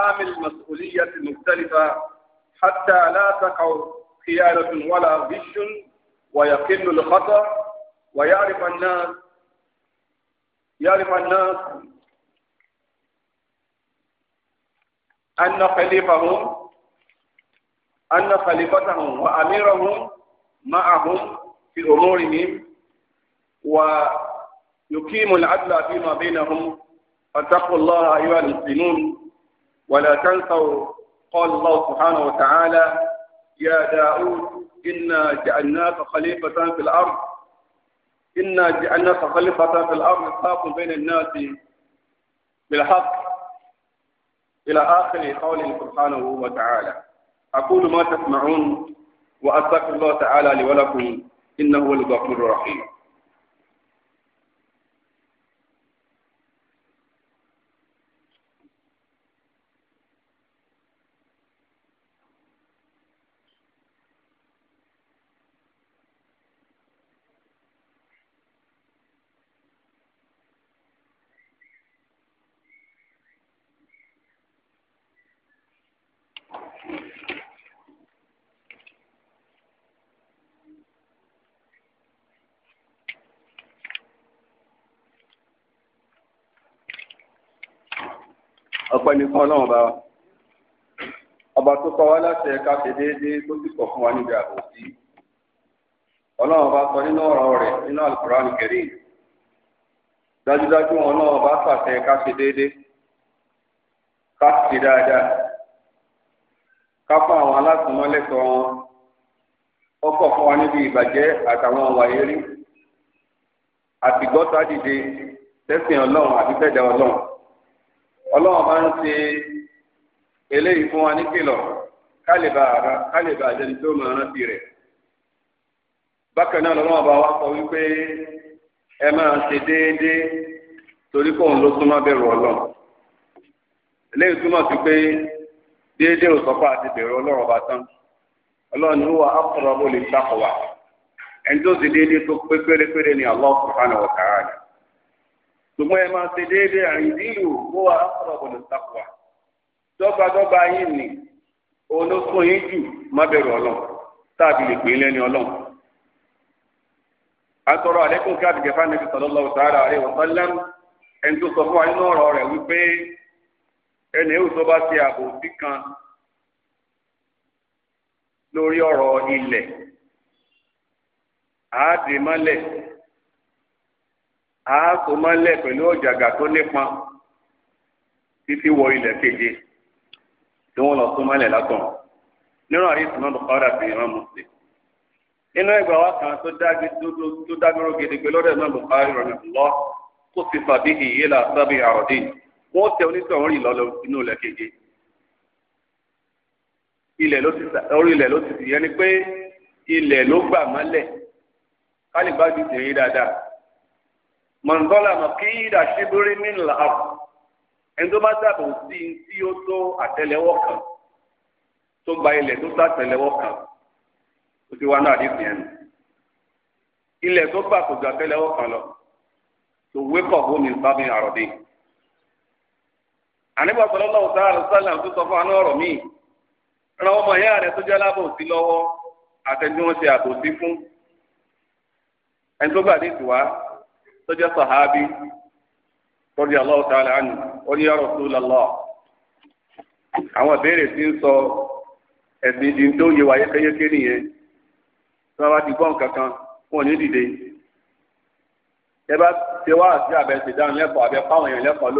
حامل مسؤولية مختلفة حتى لا تقع خيانة ولا غش ويقل الخطر ويعرف الناس يعرف الناس أن خليفهم أن خليفتهم وأميرهم معهم في أمورهم ويقيم العدل فيما بينهم فاتقوا الله أيها المسلمون ولا تنسوا قال الله سبحانه وتعالى يا داود إنا جعلناك خليفة في الأرض إنا جعلناك خليفة في الأرض تحكم بين الناس بالحق إلى آخر قوله سبحانه وتعالى أقول ما تسمعون وأستغفر الله تعالى لي ولكم إنه هو الغفور الرحيم ọpẹ́ ní fún ọlọ́run bá wa ọba tó kọ́ wa láti ẹ̀ka ṣe déédéé tó sì kọ̀ fún wa níbi ààbò sí ọlọ́run bá sọ nínú ọ̀rọ̀ rẹ̀ nínú Al-Qur'an Karim dájúdájú wọn náà bá pàṣẹ ká ṣe déédéé ká ṣe dáadáa ká fún àwọn alásùnmọ́lẹ́sọ̀ wọn ó kọ̀ fún wa níbi ìbàjẹ́ àtàwọn ọ̀wà eré àtìgbọ́ta dìde tẹ́sìn ọlọ́run àti tẹ́jà ọlọ́run. ọlọ́run bá ń ṣe eléyìí fún wa níkìlọ̀ kálíbà ara àjẹni tó máa rántí rẹ̀ bákan náà lọ́wọ́ bá wa sọ wípé ẹ máa ṣe déédéé torí kóun ló súnmọ́ bẹ̀rù ọlọ́run eléyìí túmọ̀ sí pé déédéé àti bẹ̀rù ọlọ́run tán ọlọ́run ni á bó ṣùgbọ́n ẹ máa ṣe déédéé àìdílù ó wà ọ̀rọ̀bọ̀lù sàkùwà dọ́gbadọ́gba yín ni olókùn yín jù má bẹ̀rù ọlọ́run táàbì lè pè é lẹ́ni ọlọ́run. atọ́rọ àlékún kí àdìgẹ́ fáńdẹ́bí sallallahu ta'ala alaihi wa sallam ẹni tó sọ fún wa nínú wípé tó bá ṣe ààbò sí a so mọ́lẹ̀ pẹ̀lú ọ̀jàgà tó nípọn títí wọ ilẹ̀ keje tí wọ́n lọ so mọ́lẹ̀ látọ̀n nínú àrí ìsìnmọ́ bùkọ́dà sí ìran mùsùlùmí nínú ẹgbẹ́ wa kan tó dágbéró gidigbe lọ́dọ̀ ìmọ̀ bùkọ́dà rẹ̀ lọ kó sì fàbí ìyé là sábì àròdì wọ́n tẹ onítọ̀hún rìn lọ́lọ́ inú ilẹ̀ keje ilẹ̀ ló ti orí ilẹ̀ ló ti sì yẹn ni pé ilẹ̀ ló gbà mọ́lẹ̀ kálíbá ti tẹ̀yìn dáadáa mọ̀nkọ́lá mọ̀kídà ṣíbírí nílà àbù ẹni tó bá dàbò sí i tí ó tó àtẹ́lẹwọ́ kan tó gba ilẹ̀ tó tó àtẹ́lẹwọ́ kan ó ti wá náà àdéhùn yẹn ilẹ̀ tó gbà kò ju àtẹ́lẹwọ́ kan lọ tó wékọ̀ bómi sábẹ́ àròdé àníbọ̀ sọlọ́lá ọ̀sán àlùsálà tó sọ fún àánú ọ̀rọ̀ míì ran ọmọ ìyá rẹ̀ tó jẹ́ alábòsí lọ́wọ́ àtẹ̀jú wọn ṣe àbòsí fún tó sahabi sàhábí radiyallahu ta'ala anhu ó ní ya Rasulullah àwọn ìbéèrè tí ń sọ ẹ̀sìn ìdí tó yẹ wáyé kéyéké nìyẹn tí wọ́n bá ti gbọ́ nǹkan wọn ní dìde bá ṣe wá lẹ́kọ̀ọ́ fáwọn èèyàn lẹ́kọ̀ọ́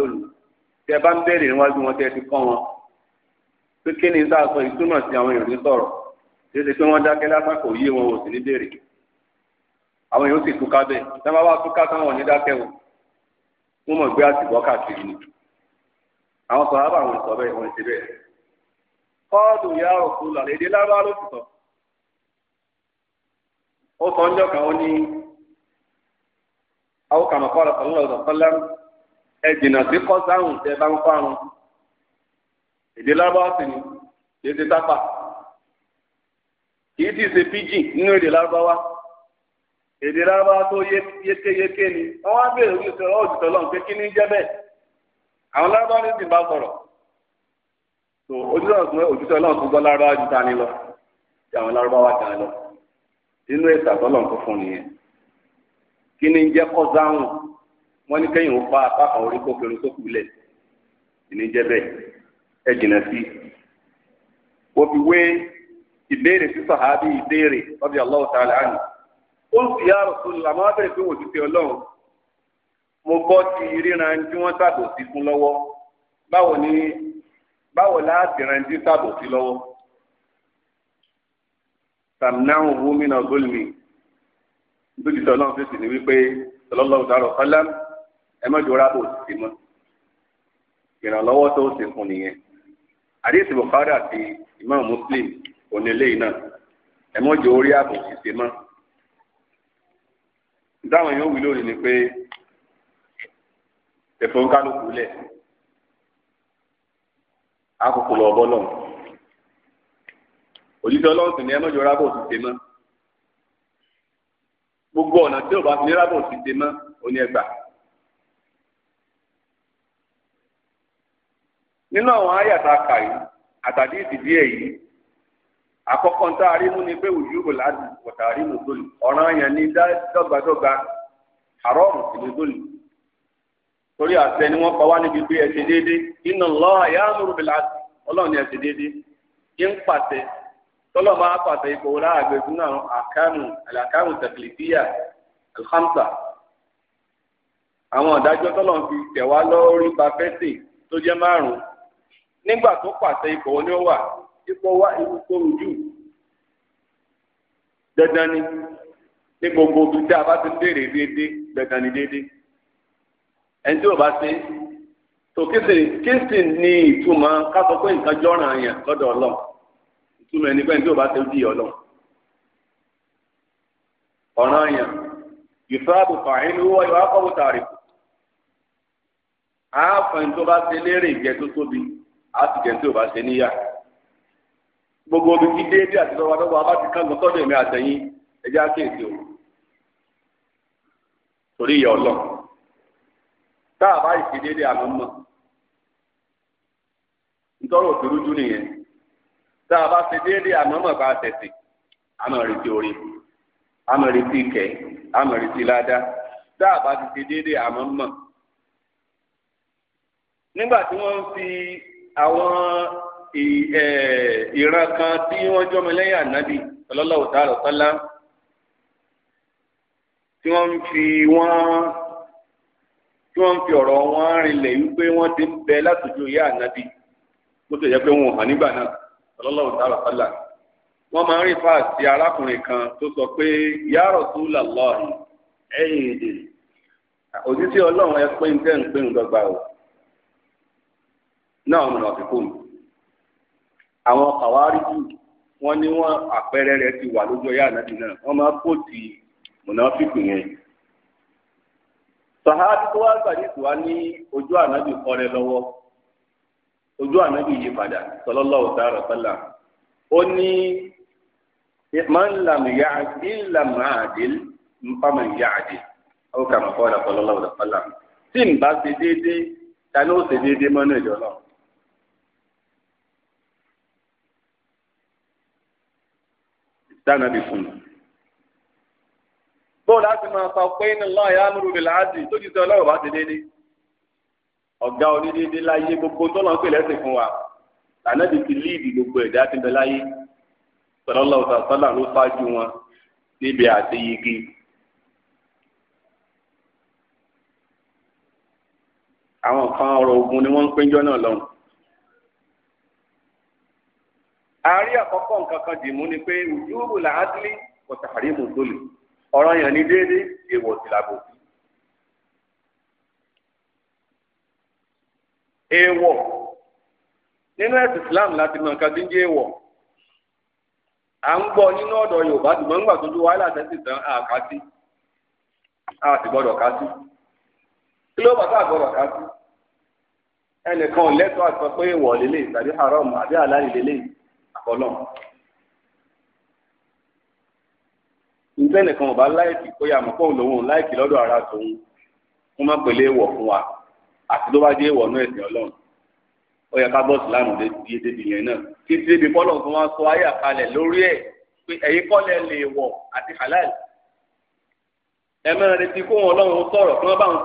lónìí tẹ ni sọ ìtumọ̀ sí àwọn èèyàn ní sọ̀rọ̀ ṣe é ṣe pé wọ́n dákẹ́ lásán kò àwọn yóò sì túká bẹ́ẹ̀ sábà wá túká táwọn ní dákẹ́ o wọ́n mọ̀ gbé àtìgbọ́ káàkiri ni àwọn sọ̀rọ̀ ti bẹ́ẹ̀ ya òkú èdè ló sọ ó sọ ń ó ní àwọn kàmọ́ kọ́ọ̀lù sọ̀rọ̀ lọ́dọ̀ sọ́lá ẹ sí kọ́sáhùn tẹ bá ń èdè lábá sì ni èdè tápà èdè rárá tó yékéyéké ni wọ́n wá bèèrè òjútọ òjútọ lọ́hùn pé kí ni jẹ́ àwọn ní ti bá tó tó ju lọ tí àwọn lárúbá wá lọ inú ètò àtọlọ́hùn tó fún nìyẹn kí ni ní ó orí kókèrè tó kù kí ni ẹ ó ń sì yá Rasulullah máa bẹ̀rẹ̀ pé wò ti fi ọlọ́run mo gbọ́ ti ríran tí wọ́n ṣàbòsí fún lọ́wọ́ báwo ni báwo láti ran tí ṣàbòsí lọ́wọ́ tàmínáhùn wúmínà gólmì nítorí tọ́lọ́run fèsì ni wípé tọ́lọ́lọ́run dárọ̀ kọ́lá ẹ mọ́jọ́ rábò sí mọ́ ìrànlọ́wọ́ tó ṣe fún nìyẹn àdéhùn Bukhari àti Imam Muslim onílé iná ẹ mọ́jọ́ orí àbòsí ṣe mọ́. dáwọn èèyàn wí lónìí ni pé ẹ̀fọ́ ń kálukú lẹ̀ akókò lọ ọbọ lọ́wọ́ òjijì ọlọ́run sì ni ẹ mọ̀jọ rábò sì ṣe mọ́ gbogbo ọ̀nà tí ò bá fi ní rábò sì ṣe mọ́ òní ẹgbà. nínú àwọn àyàtà kàyí àtàdé ìdìbí ẹ̀ yìí. àkọ́kọ́ ń tààrí mú ni pé òjú kò láti kò tààrí mú tó lù ọ̀ràn yẹn ní dọ́gbadọ́gba àrọ́ọ̀mù sì torí ni wọn pa wá níbi pé ẹ ṣe déédéé inna ni ń pàṣẹ tọ́lọ́ máa pàṣẹ ipò fún àwọn alhamsa àwọn tọ́lọ́ fi tẹ̀ wá bafẹ́sì tó jẹ́ márùn-ún nígbà tó pàṣẹ ipò wà ipò wá ipò ojú dandan ni ní gbogbo ibi tí a bá ti ń béèrè déédéé dandan ni déédéé ẹni tí o bá ṣe tó kéde kéde ní ìtumọ̀ kátó pé nǹkan jọ́ràn yẹn lọ́dọ̀ ọlọ́run ìtumọ̀ ẹni pé ẹni tí o bá ṣe bí ọlọ́run ọ̀ràn yẹn yùsọ́àbù fàáyínú wọ́n yóò akọ́wò tààrí àáfàá ní tó bá ṣe lérè ìjẹ́ tó tóbi àti ìjẹ́ tí bá ṣe níyà gbogbo omi kí déédé àti lọ́wọ́ adọ́gba bá ti kán lọ́sọ́dọ̀ èmi àtẹ̀yìn ẹjẹ́ àkéèsì o torí ìyá ọlọ́ tá a bá ìfi déédé àmọ́ mọ́ nítorí òtúrú jú nìyẹn tá a bá ṣe déédé àmọ́ mọ́ bá tẹ̀sí àmọ́ retí orí àmọ́ retí ìkẹ́ àmọ́ retí ládá tá a bá ti ṣe déédé àmọ́ mọ́ nígbà tí wọ́n ń fi àwọn. ìran kan tí wọ́n jọ́mọ lẹ́yìn ànábì sallallahu ta'ala sallam tí wọ́n ń fi wọ́n tí wọ́n ń fi ọ̀rọ̀ wọn rinlẹ̀ wípé wọ́n ti ń bẹ látòjú ìyá ànábì mo pé wọn ò hàn nígbà náà sallallahu ta'ala sallam wọ́n máa ń rí kan tó sọ pé ya Rasulullah ẹ̀yìn èdè òtítí ọlọ́run ẹ pé ń tẹ́ ń pé ń dọ́gba àwọn kàwáríjù wọn ni wọn àpẹẹrẹ rẹ ti wà lójú ọyá náà wọn máa kó ti mùnáfíkì yẹn. sàhábì tó wá gbà ní ojú ànábì kọrẹ lọwọ ojú ànábì yí padà sọlọlọ ta'ala ó lam ó kà kọ́ ọ̀dà tí n bá ṣe déédéé ta ni ó ṣe déédéé dáná bí fún un. bóòlù á ti máa fa pé iná lọ́ọ̀ yá múru rẹ̀ láàdì tó ti sọ ọlọ́run bá ti dédé. ọ̀gá onídéédé láyé gbogbo tó lọ́n pè lẹ́sìn fún wa ànábì ti líìdì gbogbo ẹ̀dá ti bẹ láyé sọlọ́lá ọ̀sà sọ́là ló ṣáájú wọn níbi àṣeyege. àwọn kan ọ̀rọ̀ ogun ni wọ́n ń péjọ náà lọ́hùn. àárí àkọ́kọ́ nǹkan kan dìmú ni pé ojúbù làádìlì kò tààrí mú tó ọ̀rọ̀ yẹn ní déédéé èèwọ̀ sí làbò èèwọ̀ nínú ẹ̀sìn Islam láti mọ nǹkan tí ń jẹ́ èèwọ̀ à ń gbọ́ nínú ọ̀dọ̀ Yorùbá nígbà tó ju a sì gbọ́dọ̀ kí ló ẹnìkan lẹ́tọ̀ọ́ àti sọ pé èèwọ̀ lélẹ̀ tàbí haram àbí àlàyé àkọlọ́ ǹjẹ́ nìkan ò bá láìkì bóyá àmọ́pọ̀ òlòwò láìkì lọ́dọ̀ ara tòun kó má pèlè èèwọ̀ fún wa àti tó bá dé èèwọ̀ náà ẹ̀sìn ọlọ́run ó yẹ ká bọ́ síláàmù débi débi yẹn náà kí ti débi bọ́lọ̀ tó wá sọ ayé àkàlẹ̀ lórí ẹ̀ pé ẹ̀yin kọ́lẹ̀ lè wọ̀ àti halal ẹ máa retí kó wọn ọlọ́run sọ̀rọ̀ kí wọ́n bá wọn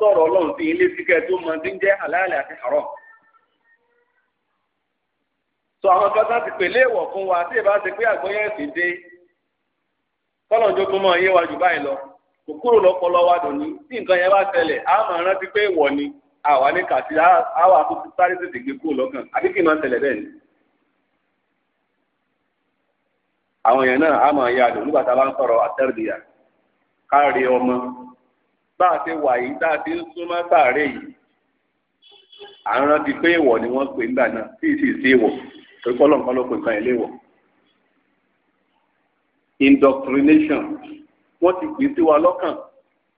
sọ̀rọ̀ ọlọ́run sí ilé síkẹ́ tó mọ tí ń jẹ́ halal àti haram sọ àwọn kan ti fún wa tí ìbá ti pé ẹ̀sìn dé tọ́lọ̀njó tó mọ̀ yé wa jù báyìí lọ kò kúrò lọ́pọlọ wa dùn ní tí nǹkan yẹn bá ṣẹlẹ̀ rántí pé ìwọ̀ ni àwa ní kàtí àwa tó ti sáré tètè gbé kúrò lọ́kàn máa bẹ́ẹ̀ ni. àwọn èèyàn náà á mọ̀ dùn nígbà tá a bá ń sọ̀rọ̀ àtẹ́rìdìyà káàrí ọmọ torí pé ọlọ́run kan ló pe indoctrination wọ́n ti pè sí wa lọ́kàn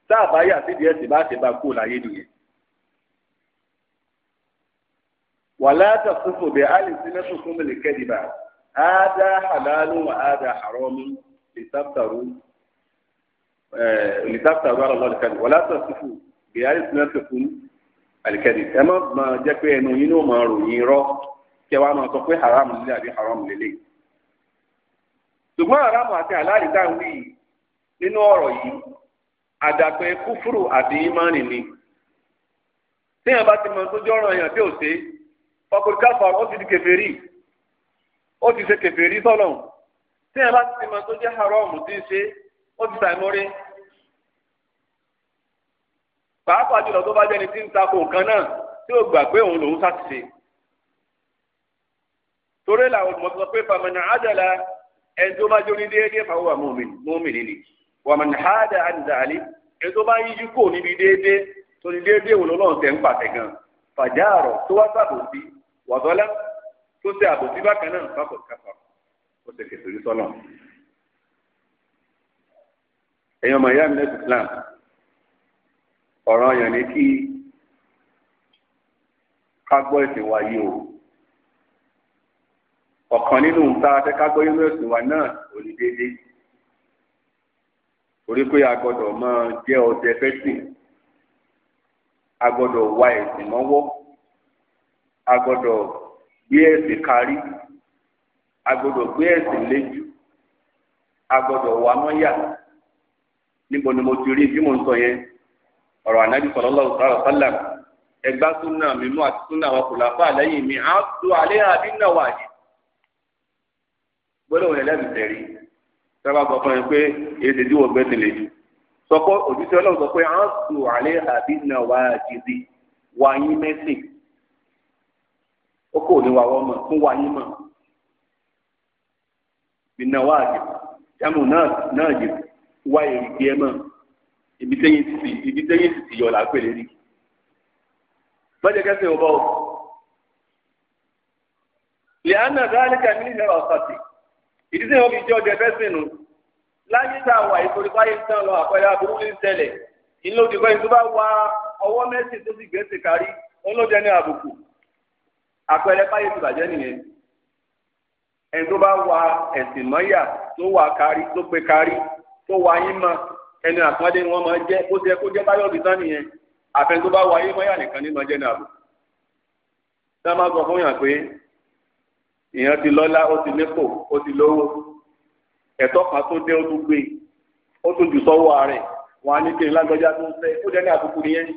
tá a bá yà sídìí ẹ̀sìn bá ṣe bá kú láyé nìyẹn. wàlá tàkùfù bẹ àlìsí mẹ́tò fún mi lè kẹ́dìbà ádá hàlálù ádá hàrọ́mù lè sábàrú lè sábàrú àlọ́ lè kẹ́dìbà wàlá tàkùfù bẹ àlìsí mẹ́tò fún mi ẹ má jẹ́ pé ẹnu yín ló máa ròyìn rọ́ kẹwàá máa sọ pé haramu lílé àbí haramu lélẹ̀ ṣùgbọ́n haramu àti aláàlì dáhùn yìí nínú ọ̀rọ̀ yìí àdàpẹ́ kúfúrù àti ìmánì ni téèyàn bá ti mọ tó jọ́ràn èèyàn tí ò ṣe ọkùnrin káfà ó ti di kèfèrí ó ti ṣe kèfèrí sọ́nà téèyàn bá ti mọ tó jẹ́ haramu tí ń ṣe ó ti ṣàìmọ́rí pàápàá jùlọ tó bá jẹ́ni tí ń takò nǹkan náà tí ó gbà pé òun lòún ṣàtìṣe torí làwọn ọmọ sọ pé famani adala ẹni tó bá jó ní déédéé fàwọn wà mọ́mìnì ni wàmọ̀nì hádà àdàlí ẹni tó bá yíjú kò níbi déédéé tó ní déédéé wò lọ́lọ́run tẹ̀ ń pàtẹ́ gan fàjáàrọ̀ tó wá sàbòsí wàdọ́lá tó ṣe àbòsí bákan náà fàkọ̀ kàfà ó ṣe kẹsìrì sọ́nà. èèyàn ọmọ ìyá mi lẹ́sìn Islam ọ̀ràn yẹn ni kí ká gbọ́ ìsìn wáyé o ọ̀kan nínú nta akẹ́kọ̀ọ́ inú ẹ̀sìn wa náà ò ní déédéé torí pé a gbọ́dọ̀ máa jẹ́ ọdẹ fẹ́sìn a gbọ́dọ̀ wá ẹ̀sìn mọ́wọ́ a gbọ́dọ̀ gbé ẹ̀sìn kárí a gbé ẹ̀sìn léjú a gbọ́dọ̀ mọ́yà níbo ni mo ti rí bí mo ń sọ yẹn ọ̀rọ̀ ànábì sallallahu alaihi wasallam ẹgbá súnà mímú àti súnà wọn kò láfà lẹ́yìn mi á tó alẹ́ àbí wà yìí gbọ́dọ̀ wọn ẹlẹ́nu tẹ̀rí sábà gbọ́ fún mi pé èdè tí wọ́n gbé tẹ̀lé sọ pé òjútì ọlọ́run sọ pé à ń sùn àlẹ́ àbí nà wá jìbì wà yín mẹ́sìn ó kò ní wà wọ́n mọ̀ fún wà yín mọ̀ bìnà wá jìbì jámù náà jìbì wá èrì ẹ mọ̀ ibi tẹ́yìn ti ibi tẹ́yìn ti ti yọ̀ lérí mọ́jẹ̀kẹ́sìn ọba ò lẹ́yìn náà dáhàlì ìdí sẹ́yìn òbí jẹ́ ọdẹ fẹ́sìn nù láyé tá a wà ìtòrí fáyé tán lọ àpẹẹrẹ aburú ní ṣẹlẹ̀ ìlòdì kan ìtúbà wa ọwọ́ mẹ́sìn tó sì gbèsè kárí ọlọ́dẹ ní àbùkù àpẹẹrẹ fáyé ti bàjẹ́ nìyẹn ẹni tó bá wa ẹ̀sìn mọ́yà tó wà kárí tó pe kárí tó wà yín mọ́ ẹni àpọ́nlé wọn máa jẹ́ ó jẹ́ kó jẹ́ báyọ̀ bí tán nìyẹn àfẹn tó bá wa yín mọ́yà nìkan ní máa jẹ́ ní àbùkù. sábà sọ fún yàn pé èèyàn ti lọ́lá ó ti nípò ó ti lówó ẹ̀tọ́ kan tó dé ó tún gbé ó tún jù sọ́wọ́ rẹ̀ wọn á ní kí n lágbájá tó ń fẹ́ ó jẹ́ ní àbùkù nìyẹn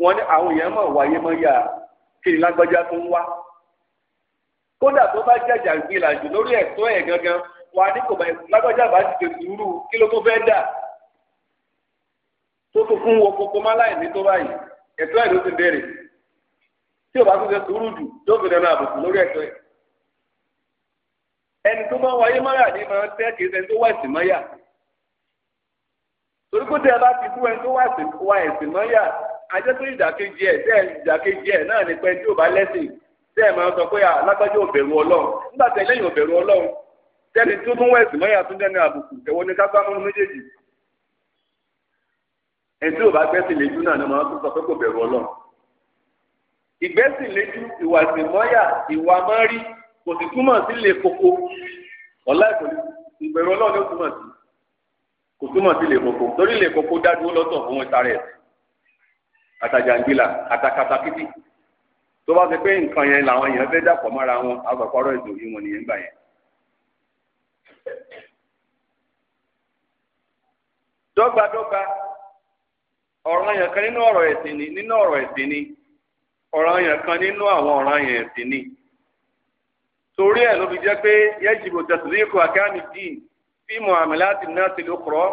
wọn ní àwọn èèyàn mọ̀ wáyé mọ́ yà kí n lágbájá tó ń wá kódà tó bá jàjà gbìlà jù lórí ẹ̀tọ́ ẹ̀ gangan wọn á ní kò bá lágbájá bá ti tètè rú kí ló tó fẹ́ dà tó tó fún wo kókó má láì ní tó báyìí ẹ̀tọ́ ẹ̀ ló ti bẹ̀rẹ̀ tí o bá tún ṣe sùúrù jù tó fi dẹnu àbùkù lórí ẹ̀tọ́ ẹ̀. ẹni tó máa wáyé máyà ni máa ń tẹ́ kì í ṣe tó wá ẹ̀sìn máyà. torí kó tẹ́ ẹ bá ti kú ẹni tó wá ajẹ́ tó ìdàkejì ẹ̀ tẹ́ ìdàkejì ẹ̀ náà tí o bá lẹ́sìn tẹ́ ẹ máa sọ pé ọlọ́run nígbà lẹ́yìn ọlọ́run tẹ́ni tó tún wá tún àbùkù ẹ̀wọ̀n ni ẹni tí o bá gbẹ́sìn lè náà ìgbẹ́sìnléjú ìwà ìsìnmọ́yà ìwà mọ́rí kò sì túmọ̀ sí koko ọ̀la ìbẹ̀rù ọlọ́run ló túmọ̀ sí kò túmọ̀ sí koko torí lè koko dádúró lọ́tọ̀ fún ìtarẹ̀ àtàjàngbìlà àtàkàtàkìtì tó bá ti pé nǹkan yẹn làwọn èèyàn fẹ́ dàpọ̀ mọ́ra wọn àgbàkọ́rọ̀ ètò yìí wọn nìyẹn gbà yẹn. dọ́gbadọ́gba ọ̀ràn yẹn kan nínú ọ̀rọ̀ ẹ̀sìn ni nínú ọ̀rọ̀ ẹ̀sìn ni ọ̀ràn yẹn kan nínú àwọn ọ̀ràn yẹn sì ni torí ẹ̀ ló fi jẹ́ pé yẹ́jìbò tẹ̀sílẹ́kù àkáàmì dín fíìmù àmì láti náà ti ló kọ́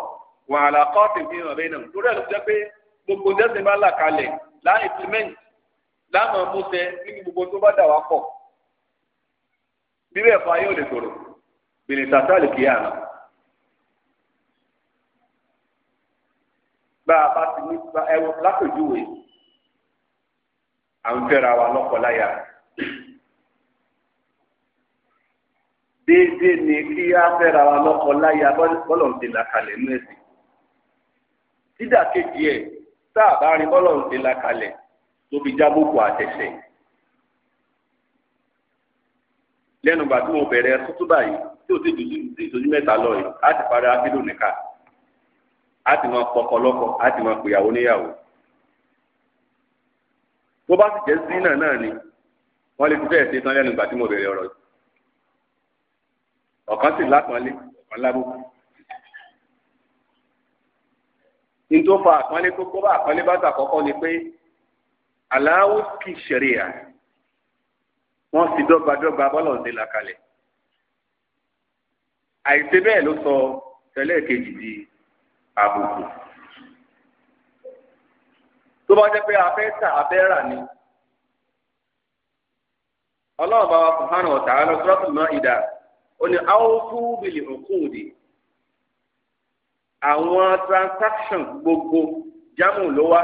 wà á làkọ́ ti fi hàn bẹ́ẹ̀ náà torí ẹ̀ ló fi jẹ́ pé gbogbo dẹ́sìn bá là kalẹ̀ láà implement láàmú múṣẹ níbi gbogbo tó bá dà wá pọ̀ bíbẹ̀ fún ayé lè tòrò bìnnì tàtà lè kí àná. bá a bá ti ní ẹ lápèjúwe à ń fẹ́ra wa lọ́kọ̀láyà. déédéé ni kí á fẹ́ra wa lọ́kọ̀láyà bọ́lọ̀ ń ti làkàlẹ̀ nú ẹ̀sìn. dídà kejì ẹ̀ tá a bá rin bọ́lọ̀ ń ti làkàlẹ̀ tó fi jábòkù àtẹ̀sẹ̀. lẹ́nu ìgbà tí mo bẹ̀rẹ̀ sọ́túbà yìí tí o ti dùn sí ìtọ́jú mẹ́ta lọ yìí á parí akílò nìka á ti máa pọkọ lọ́kọ á ti máa pèyàwó níyàwó tó bá sì jẹ́ zina náà ni wọ́n lè fi bẹ́ẹ̀ ṣe tán lẹ́nu ìgbà tí mo bẹ̀rẹ̀ ọ̀rọ̀ yìí ọ̀kan sì lápọ́nlé ọ̀kan lábùkù ní tó fa àpọ́nlé tó kó bá àpọ́nlé bá tàkọ́kọ́ ni pé aláwo kì í ṣeré à wọ́n sì dọ́gbadọ́gba bọ́lọ̀ ń délà kalẹ̀ àìṣe bẹ́ẹ̀ ló sọ tẹ́lẹ̀ kejì di àbùkù tó bá jẹ́ pé afẹ́ tà afẹ́ rà ni. ọlọ́run bá wa subhanahu wa ta'ala suratul Maida ó ní awfu bil uqudi àwọn transaction gbogbo jámù ló wá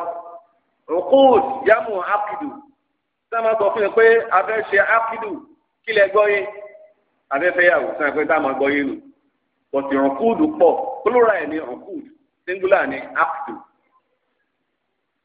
uqud jámù akidu sábà gbọ́ fún mi pé afẹ́ ṣe akidu kílẹ̀ gbọ́ yé afẹ́fẹ́ yàwó sábà pé táwọn máa gbọ́ yé nù pọ̀tì uqud pọ̀ plural ni uqud singular ni akidu.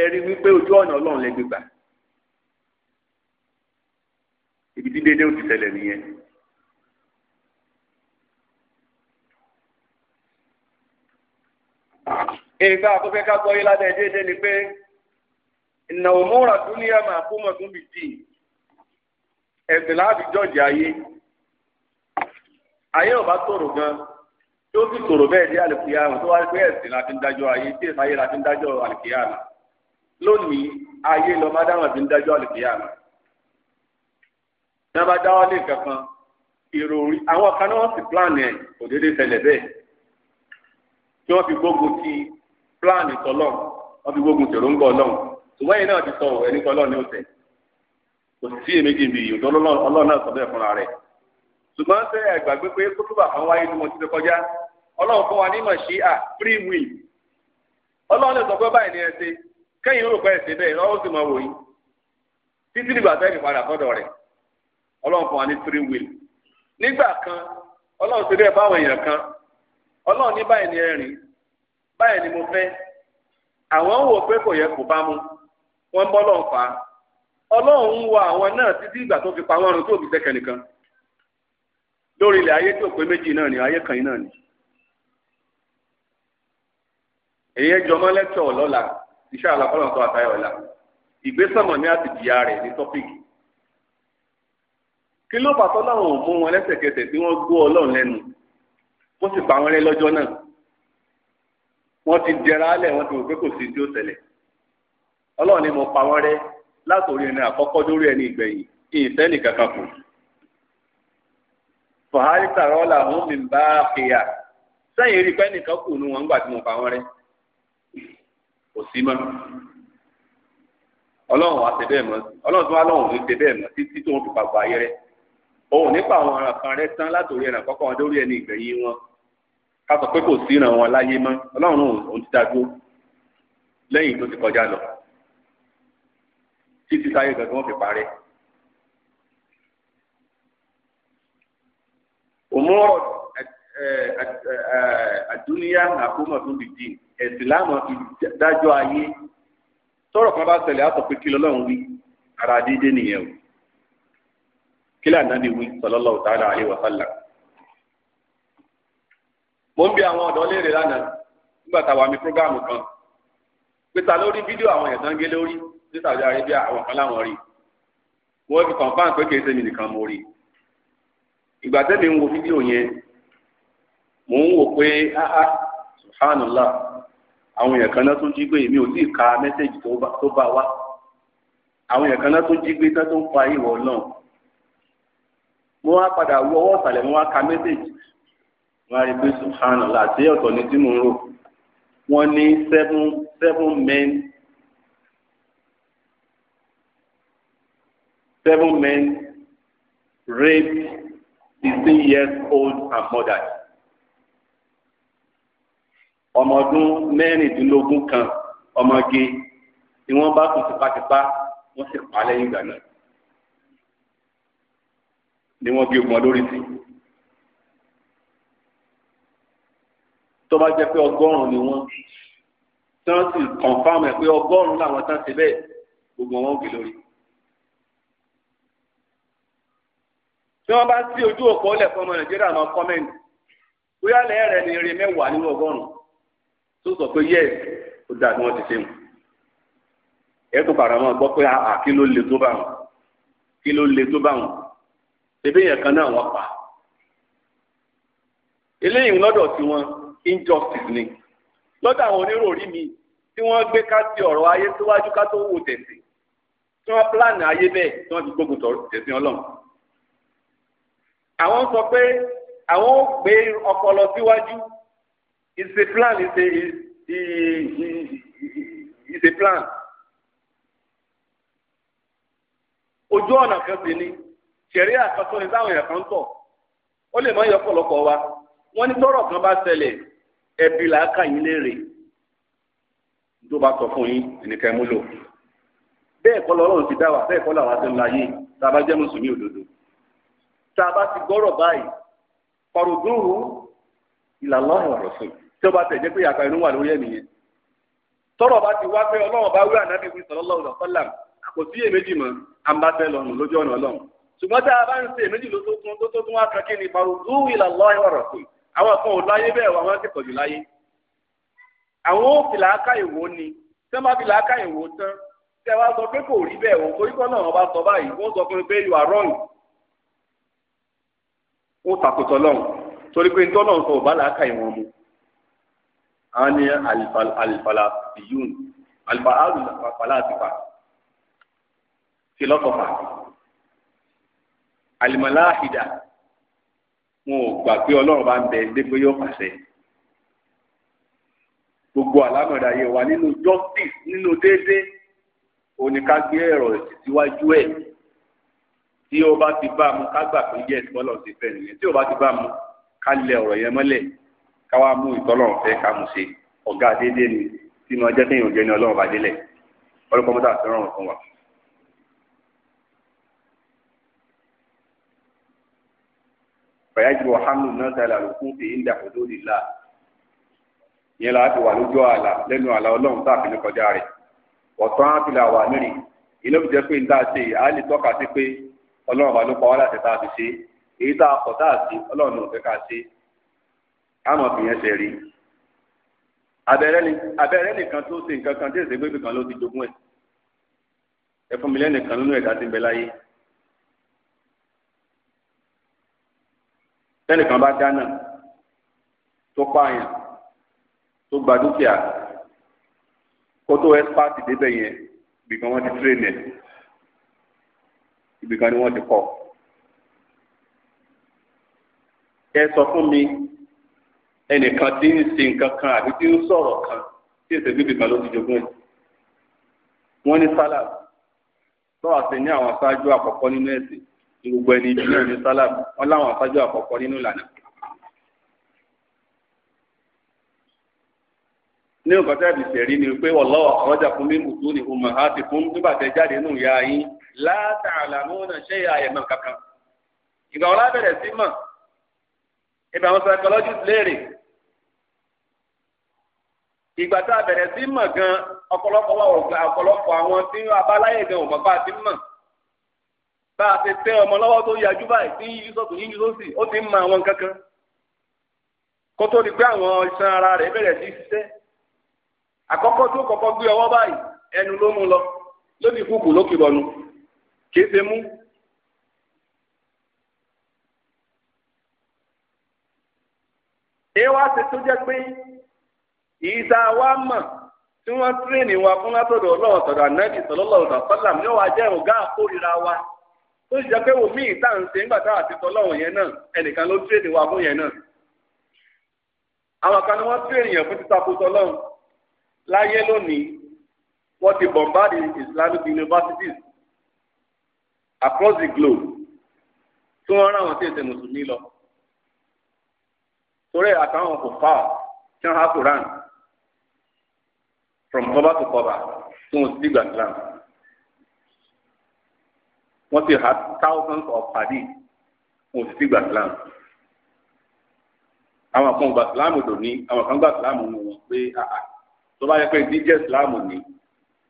ẹ rí wípé ojú ọ̀nà ọlọ́run lẹ gbégbà ibi tí déédéé ò ti ṣẹlẹ̀ nìyẹn. èyíká àkọ́fẹ́ ká gbọ́ yìí ládàá déédéé ni pé ìnáwó múra dúníyà máa kó mọ̀ tún bì dì ẹ̀sìn láàbì jọ́ọ̀jì ayé ayé ọba tòrò gan tó fi tòrò bẹ́ẹ̀ dé àlùkìyà àwọn tó wá pé ẹ̀sìn la fi ń dájọ́ ayé tí èsì ayé ń dájọ́ àlùkìyà náà. lónìí ayé lọ́mọ dáhùn àbí ń dájọ́ àlùkìyà mi. ní bá kankan ìròrí àwọn kan náà wọ́n sì plan kò déédéé kí wọ́n fi gbógun ti plan tọ́lọ̀ fi gbógun tèròǹgbọ̀ ọlọ́run ṣùgbọ́n náà ti sọ ẹni ní kò sí èméjì bíi ọlọ́run náà sọ bẹ́ẹ̀ fúnra rẹ̀ ṣùgbọ́n ṣe ẹgbàgbé pé kan wáyé fún wa ní mọ̀ sí à free will sọ pé báyìí ni kẹ́yìn rò pé ẹ̀sìn bẹ́ẹ̀ lọ́wọ́ sì máa wò yín títí nígbà tẹ́lẹ̀ padà sọ́dọ̀ rẹ̀ ọlọ́run fún wa ní free will nígbà kan ọlọ́run ti rẹ̀ báwọn èèyàn kan ọlọ́run ní báyìí ni rìn. báyìí ni mo fẹ́ àwọn wò pé kò yẹ kó bá mú. wọ́n bọ́ lọ́n fà á ọlọ́run ń àwọn náà títí ìgbà tó fi pa wọ́n run tó fi sẹ́kẹ̀ nìkan lórí ilẹ̀ ayé tó pé méjì náà ni ayé kan náà ni èyí jọmọ́ lẹ́tọ̀ lọ́la iṣẹ́ àlàkọ́lọ̀ tó àtayọ̀ ọ̀la ìgbésọ̀mọ̀ ní àti rẹ̀ ní tọ́pìkì kí ló bàtọ́ láwọn ò mú wọn lẹ́sẹ̀kẹsẹ̀ tí wọ́n gbọ́ ọlọ́run lẹ́nu wọ́n sì pa wọn rẹ lọ́jọ́ náà wọ́n ti jẹra álẹ̀ wọ́n ti rò pé kò sí ọlọ́run ni mo pa wọn látòrí ẹni àkọ́kọ́ ẹni ìgbẹ̀yìn kankan kò sí mọ́ ọlọ́run wa ṣe bẹ́ẹ̀ mọ́ ọlọ́run tó wá lọ́run ló ṣe bẹ́ẹ̀ mọ́ títí tó ń ayé rẹ òun nípa àwọn ọ̀ràn kan rẹ tán látòrí ẹ̀ràn kọ́kọ́ wọn lórí ẹni wọn ká sọ pé kò sí ìràn wọn láyé òun ti tó ti kọjá lọ títí táyé wọn fi òmùrọ̀ àdúnyá ẹ̀sìn láàmú fi dájọ́ ayé tọ́rọ̀ kan bá ṣẹlẹ̀ àtọ̀ pé kí lọ́lọ́run wí ara dídé nìyẹn o kí lè ànábì wí sallallahu ta'ala alaihi mo ń bi àwọn ọ̀dọ́ léèrè lánàá nígbà táwa mi prógáàmù kan pé ta lórí fídíò àwọn gé lórí ní Saudi Arabia àwọn kan láwọn rí fi pé kì í sẹ́mi nìkan mo rí ìgbà tẹ́mi ń wo fídíò yẹn subhanallah àwọn èèyàn kan náà tún jí gbé èmi ò tíì ka mẹ́sẹ̀gì tó bá wá àwọn èèyàn kan náà tún jí gbé tán tó ń fa ìwọ náà mo wá padà wọ ọwọ́ ìsàlẹ̀ mo wá ka mẹ́sẹ̀gì wọ́n á rí pé subhanallah àti ọ̀tọ̀ ni tí mo ń rò wọ́n ní seven seven men seven men raped sixteen years old and murdered ọmọ ọdún mẹ́rìndínlógún kan ọmọge tí wọ́n bá tún tipátipá wọ́n sì pa lẹ́yìn ìgbà náà ni wọ́n gé ogun lórí sí. tó bá jẹ́ pé ọgọ́rùn-ún ni wọ́n tí wọ́n sì kọ̀ǹfàmù ẹ̀ pé ọgọ́rùn-ún làwọn tán ṣe bẹ́ẹ̀ gbogbo wọn gé lórí. tí wọ́n bá sí ojú òpó lẹ̀ fún ọmọ nàìjíríà náà kọ́mẹ́ǹtì bóyá lẹ́yìn rẹ̀ ni eré mẹ́wàá nínú ọgọ́rùn-ún tó sọ pé yẹ ó dáa bí wọ́n ti ṣe wọn ẹ tó padà máa gbọ́ pé àà ah, ah, kí ló le tó bá wọn kí ló le tó bá wọn ṣebí yẹn kan náà wọ́n pa eléyìí lọ́dọ̀ tiwọn injustice ni lọ́dọ̀ àwọn oníròrí mi tí wọ́n gbé ká ti ọ̀rọ̀ ayé síwájú ká tó wò tẹ̀sí tí wọ́n pílánì ayé bẹ́ẹ̀ tí wọ́n ti gbógun tẹ̀sí ọlọ́run. àwọn sọ pé àwọn ò gbé ọpọlọ síwájú It's a plan It's a it's a plan ojú ọ̀nà kan sì ni ṣẹ̀rí àkàtọ́ ni táwọn èèyàn kan tọ̀ ó lè má yọ ọ̀pọ̀lọpọ̀ wa wọ́n ní tọ́rọ̀ kan bá ṣẹlẹ̀ ẹbí là á kà yín léèrè tó bá sọ fún yín ẹnìkan mú lò bẹ́ẹ̀ kọ́ lọ́rọ̀ ti dá wa bẹ́ẹ̀ kọ́ làwọn ti ń la tá a bá jẹ́ mùsùlùmí òdodo tá a bá ti gbọ́rọ̀ báyìí farudúhu ila Allah wa rasul tí ó bá tẹ̀ jẹ́ pé àpá inú wà lórí ẹ̀mí yẹn tọ́rọ̀ bá ti wá pé ọlọ́run bá wí ànábì wí sallallahu alaihi wasallam kò sí èméjì mọ́ àmbàtẹ́ lọ́nà lójú ọ̀nà ọlọ́run ṣùgbọ́n tá a bá ń ṣe èméjì ló tó tún tó tó tún wá kan kí ni farudúhu ila Allahi wa rasul àwọn kan ò láyé bẹ́ẹ̀ wà wọ́n ti pọ̀jù láyé àwọn ò fi làákà ìwò ni tí wọ́n bá fi làákà ìwò tán tí a bá sọ pé kò rí bẹ́ẹ̀ wọ́n torí náà wọ́n bá sọ báyìí wọ́n sọ fún pé you are wrong ó takùtọ̀ lọ́hùn torí pé ntọ́ náà sọ ò bá làákà ìwọ̀n mu àwọn ní alifalafiyun alifalafalasifa filosofa alimalahida wọn ò gbà pé ọlọ́run bá ń bẹ dégbé yóò pàṣẹ gbogbo àlámọ̀dá yẹ wà nínú justice nínú déédéé òní ká gbé ẹ̀rọ síwájú ẹ̀ tí o bá ti bá mu ká gbà pé yẹ ẹ̀ tí wọ́n lọ o bá ti bá mu ká lẹ yẹn mọ́lẹ̀ káwá mú ìtọ́lọ́run fẹ́ ká mú ṣe ọ̀gá déédéé ni sínú ọjọ́ tẹ̀yìn òjẹ́ ni ọlọ́run bá délẹ̀ ọlọ́kọ́ mọ́tà fún wa. fàyájú ọ̀hánù náà sàlẹ̀ àlùkù fi ń dàpọ̀ lórí ìlà yẹn láti wà lójú àlà lẹ́nu àlà ọlọ́run tá a fi ní kọjá rẹ̀ ọ̀tọ́ á wà nírì ilé pé á àmọ́ fi yẹn ṣe rí abẹ́rẹ́ nìkan tó ṣe nǹkan kan tí èsè gbébì kan ló ti jogún ẹ̀ ẹ fún mi lẹ́nìkan nínú ẹ̀dá tí ń bẹ láyé tẹ́nìkan bá dáná tó pààyàn tó gba dúkìá kó tó ẹ́sípáàtì débẹ̀ yẹn ibìkan wọ́n ti tírèèni ẹ̀ ibìkan ni wọ́n ti kọ́ ẹ sọ fún mi ẹnìkan tí ń ṣe nǹkan kan àbí tí ń sọ̀rọ̀ kan tí èsè bíbí kan ló ti jogún ẹ̀. wọ́n ní sálàb tọ́wọ́ àti ní àwọn aṣáájú àkọ́kọ́ nínú ẹ̀sìn ní gbogbo ẹni ibi náà ní sálàb wọ́n láwọn aṣáájú àkọ́kọ́ nínú ìlànà. ní nǹkan tẹ́ ẹ̀bì sẹ̀rí ni pé wallahu akhrajakum min butuni ummahatikum nígbà tẹ́ jáde nù ya yín la ta'lamuna shay'a àyẹ̀mọ̀ kankan. ìgbà wọn lábẹ̀rẹ̀ sí mọ̀ ìbà àwọn psychologist léèrè ìgbà tá a bẹ̀rẹ̀ sí mọ̀ gan ọ̀pọ̀lọpọ̀ wa ọ̀pọ̀lọpọ̀ àwọn tí abáláyé gan ò mọ̀ bá a ti mọ̀ bá a ti tẹ ọmọ lọ́wọ́ tó yájú báyìí tí yíyú sọ̀tún yíyú sósì ó ti ń mọ àwọn kankan kó tó di pé àwọn iṣan ara rẹ̀ bẹ̀rẹ̀ sí ṣiṣẹ́ àkọ́kọ́ tó kọ́kọ́ gbé ọwọ́ báyìí ẹnu ló mú lọ lóbi kúkú lókè bọ̀nu kìí ṣe mú. èèwà ti tó jẹ́ pé ìta wa mọ̀ tí wọ́n tírèènì wa fún látọ̀dọ̀ ọlọ́run tọ̀dọ̀ ànábì sọlọ́lọ́ ọ̀dọ̀ sọ́là ní wàá jẹ́ ọ̀gá àkórira wa tó ṣe jẹ́ pé wò míì tá à ń ṣe ń gbàtà àti tọ́lọ́run yẹn náà ẹnìkan ló tírèènì wa fún yẹn náà. àwọn kan ni wọ́n tírèènì yẹn fún títakò tọ́lọ́run láyé lónìí wọ́n ti bombardi Islamic universities across the globe tí wọ́n rán àwọn tí èsè mùsùlùmí lọ torí àtàwọn kò fà á tí wọ́n há Quran from cover to cover tí wọ́n ti gbà Islam wọ́n ti ha thousands of padi wọ́n ti gbà Islam àwọn kan gbà Islam dò ní àwọn kan gbà Islam nù wọ́n pé àà tó bá yẹ pé díjẹ́ Islam ní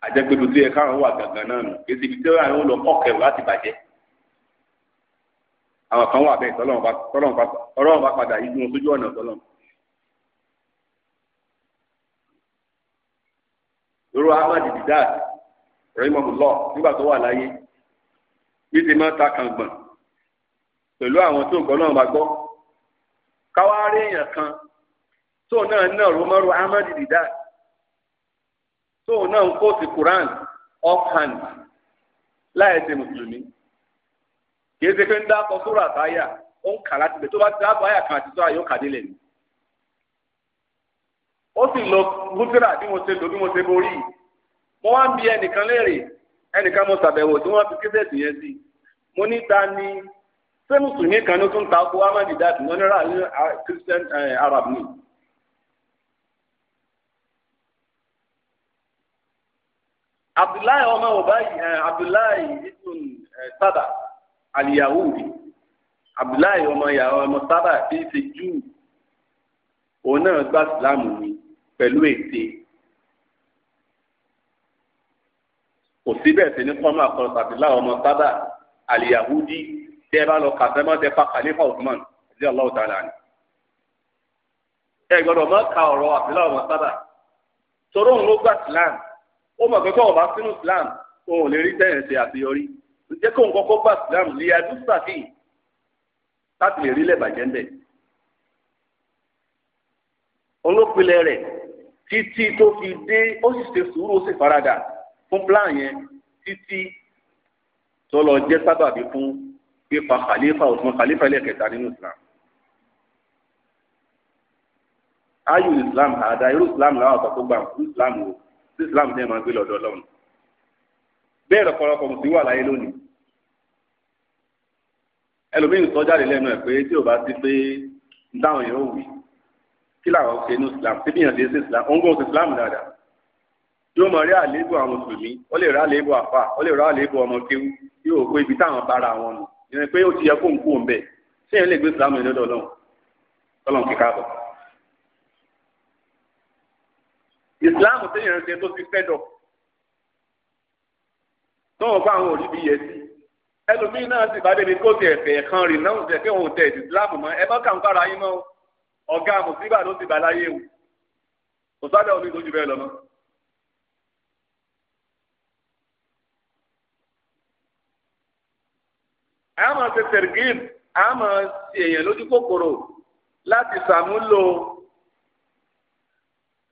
àjẹpẹ́tù tí ẹ káwọn wà gàngàn náà nù èsì ibi tí wọ́n lọ kọ́kẹ́ láti bàjẹ́ àwọn kan wà bẹ́ẹ̀ tọ́lọ́run bá padà yí wọn sójú ọ̀nà tọ́lọ́run. irú ahmad didat rahimahullah nígbà tó wà láyé bí ti máa ta kàngbọ̀n pẹ̀lú àwọn tó gbọ́ náà bá gbọ́ káwárí èèyàn kan tó náà náà romaru ahmad didat tó náà ń kó ti quran off hand láì ṣe mùsùlùmí kì í ṣe pé ń dákọ sórí àtàyà ó ń kà láti bẹ tó bá ti dákọ àyà kan àti tó àyè ó kà ó sì lọ bútírà bí mo ṣe lò bí mo ṣe borí mo wá ń bi ẹnìkan léèrè ẹnìkan mo ṣàbẹ̀wò tí wọ́n fi késẹ̀tì yẹn sí mo ní ta ni ṣé mùsùlùmí kan ló tún ta ko amadi dat nọ́nẹ́rà ní christian eh, arab ni. abdullahi ọmọ ọbayi eh, abdullahi ibn eh, sada aliyahudi abdullahi ọmọ yahoo ọmọ sada kì í ṣe júù òun náà gba ìsìlámù ni pẹ̀lú ète kò síbẹ̀ sí ní kọ́mà kan tàbí láwọn ọmọ sábà àlìyàhúdí tẹ́ ẹ bá lọ kà sẹ́mọ́ tẹ́ fa khalifa usman ṣe allah ta'ala ni. ẹ gbọ́dọ̀ má ka ọ̀rọ̀ àbíláwọ̀ ọmọ sábà torí òun ló gbà islam ó mọ̀ pé kọ́ ọ̀bá sínú islam òun lè rí sẹ́yìn ṣe àṣeyọrí ǹjẹ́ kóun kọ́kọ́ gbà islam lè adúsà fi láti lè rí lẹ́bàjẹ́ ń bẹ̀. olópinlẹ̀ rẹ̀ títí tó fi dé ó sì ṣe sùúrù ó sì faradà fún plan yẹn títí tó lọ jẹ́ sábàbí fún pípa khalifa Usman khalifa ilé kẹta nínú Islam. ayu Islam àdá irú Islam làwọn àgbà tó gbà fún Islam o sí Islam tẹ́ máa gbé lọ́dọ̀ Ọlọ́run bẹ́ẹ̀ lọ́pọ̀lọpọ̀ mùsùlùmí wà láyé lónìí ẹlòmíín sọ jáde lẹ́nu ẹ̀ pé tí ò bá ti pé dáhùn yẹn ó wì í kí làwọn ṣe ní islam síbi yàn ṣe se islam òun gbọ́n islam dáadáa yóò mọ̀ rí àléébù àwọn mùsùlùmí ó lè rí àléébù àfà ó lè rí àléébù ọmọ kéwú yóò pé ibi táwọn bára wọn nù ìrìn pé ó ti yẹ kó ń kú òun bẹ̀ ṣé yẹn lè gbé islam yẹn lọ́dọ̀ ọlọ́run ọlọ́run kíkà bọ̀. islam téèyàn ṣe tó ti fẹ́ dọ̀ tóun bá àwọn òrìbí yẹ sí ẹlòmíín náà sì bá débi kó tiẹ̀ fẹ̀ kan rìn náà ń tẹ̀ kí òun tẹ̀ ìsìlámù mọ́ ẹ bá kà ń bára yín náà ọ̀gá mùsíbà ló ti bà láyé o kò sábẹ́ omi tó ju bẹ́ẹ̀ lọ mọ́. àmọ́ ṣe tẹ̀rìgìm àmọ́ ṣe èèyàn lójú kòkòrò láti ṣàmúlò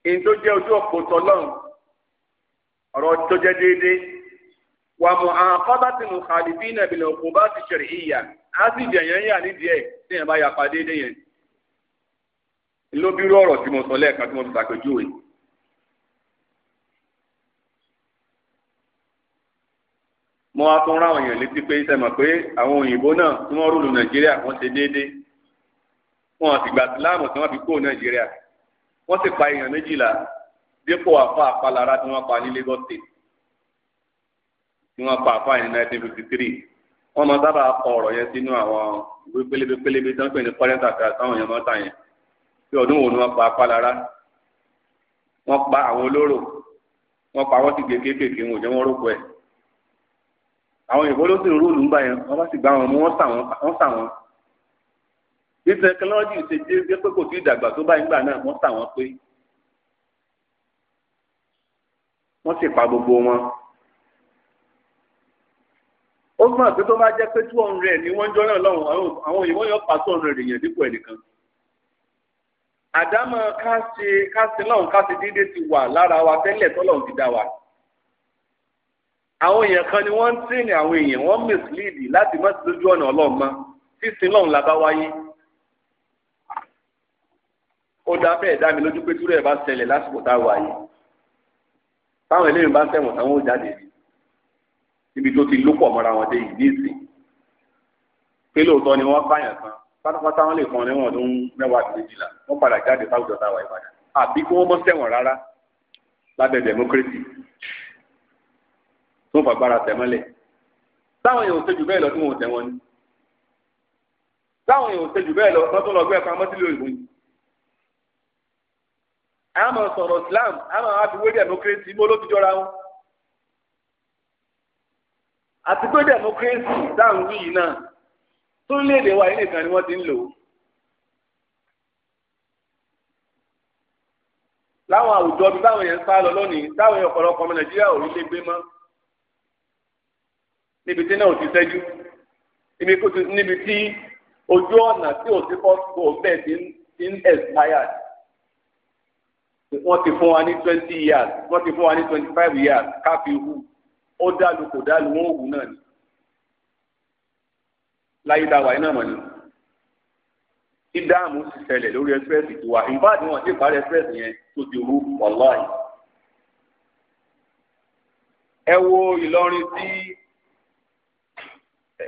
èyí tó jẹ́ ojú ọ̀pọ̀ tọ́lọ́run ọ̀rọ̀ tó jẹ́ déédéé wà mọ̀ àkọ́bátì mùkàlìfínà bìlẹ̀ òkú bá ti ṣẹ̀rì ìyà á sì jẹ̀yàn yà nídìí ẹ̀ tí yẹn bá yapa déédéé yẹn ló bí irú ọ̀rọ̀ tí mo sọ lẹ́ẹ̀kan tí mo fi ṣàpèjúwe. mo wá tún ráwọn èèyàn létí pé sẹ́mọ̀ pé àwọn òyìnbó náà tí wọ́n rúlu nàìjíríà wọ́n ṣe déédéé wọn sì gbà síláàmù tí wọ́n fi kó nàìjíríà wọ́n sì pa èèyàn méjìlá dípò àfa àpalára tí wọ́n pa ní Lagos State tí wọ́n pa àfa ní 1953 wọ́n máa sábà kọ ọ̀rọ̀ yẹn sínú àwọn ìwé pélébé pélébé tí wọ́n pè ní current affairs táwọn èèyàn máa ta yẹn pé ọdún wo ni wọ́n pa apá lára wọ́n pa àwọn olóró wọ́n pa wọ́n sì gbé kéékèèké wọn ò jẹ́ wọ́n rókò ẹ̀ àwọn òyìnbó ló sì ń róòlù ńgbà yẹn wọ́n bá sì gbá wọn mú wọ́n sà wọ́n bí tẹkinọ́lọ́jì ṣe jẹ́ pé kò tí ì dàgbà tó báyìí ńgbà náà wọ́n sà wọ́n pé wọ́n sì pa gbogbo wọn. ó gbọ́n pé tó bá jẹ́ pé two hundred ni wọ́n jọ náà lọ́wọ́ àwọn òyìnbó yóò pa two hundred èèyàn dípò ẹnìkan àdámọ̀ káṣe káṣe náà káṣe déédéé ti wà lára wa tẹ́lẹ̀ tọ́lọ̀ ti dá wa. àwọn èèyàn kan ni wọ́n ń tìrìn àwọn èèyàn wọ́n mẹ́sìlíìdì láti má ti lójú ọ̀nà ọlọ́run mọ́ sísìn náà la bá wáyé. ó dá bẹ́ẹ̀ dá mi lójú pé túrẹ̀ bá ṣẹlẹ̀ lásìkò tá a wà yìí. táwọn eléyìí bá ń tẹ̀wọ̀n táwọn ò jáde níbi tó ti lópọ̀ mọ́ra wọn dé yìí ní ìsìn pé lóòótọ́ ni wọ́n pààyàn kan pátápátá wọn lè kàn lẹ́wọ̀n ọdún mẹ́wàá àti méjìlá wọ́n padà jáde sáwùjọ táwa ìbàdàn àbí kí wọ́n mọ́ sẹ́wọ̀n rárá lábẹ́ democracy tó ń fagbára tẹ̀mọ́lẹ̀ táwọn èèyàn ò ṣe jù bẹ́ẹ̀ lọ tí wọn tẹ̀wọ́n ni táwọn èèyàn ò ṣe jù bẹ́ẹ̀ lọ tó lọ gbé ẹ̀ka mọ́sílẹ̀ òyìnbó yìí. àmọ́ sọ̀rọ̀ Islam àmọ́ àfiwé democracy bó ló ti jọra wọn. àti pé democracy dáhùn wíyì náà sórílẹ̀-èdè wa yìí nìkan ni wọ́n ti ń lò ó. láwọn àwùjọ bí báwọn yẹn ń sá lọ lónìí táwọn yẹn ọ̀pọ̀lọpọ̀ ọmọ nàìjíríà ò ní lè gbé mọ́ níbi tí náà ò ti sẹ́jú níbi tí ojú ọ̀nà tí ò sí fọ́sùkò bẹ́ẹ̀ ti ń expired wọ́n ti fún wa ní twenty years wọ́n ti fún wa ní twenty five years káfíhù ó dàlù kò dàlù wọ́n òwú náà ni láyé dáwà iná mọ̀ ni dídáàmú ti ṣẹlẹ̀ lórí ẹ́sírẹ́sì tó wà ìbáàdì wọn ti parí ẹ́sírẹ́sì yẹn tó ti rú wàláì. ẹ wo Ìlọrin sí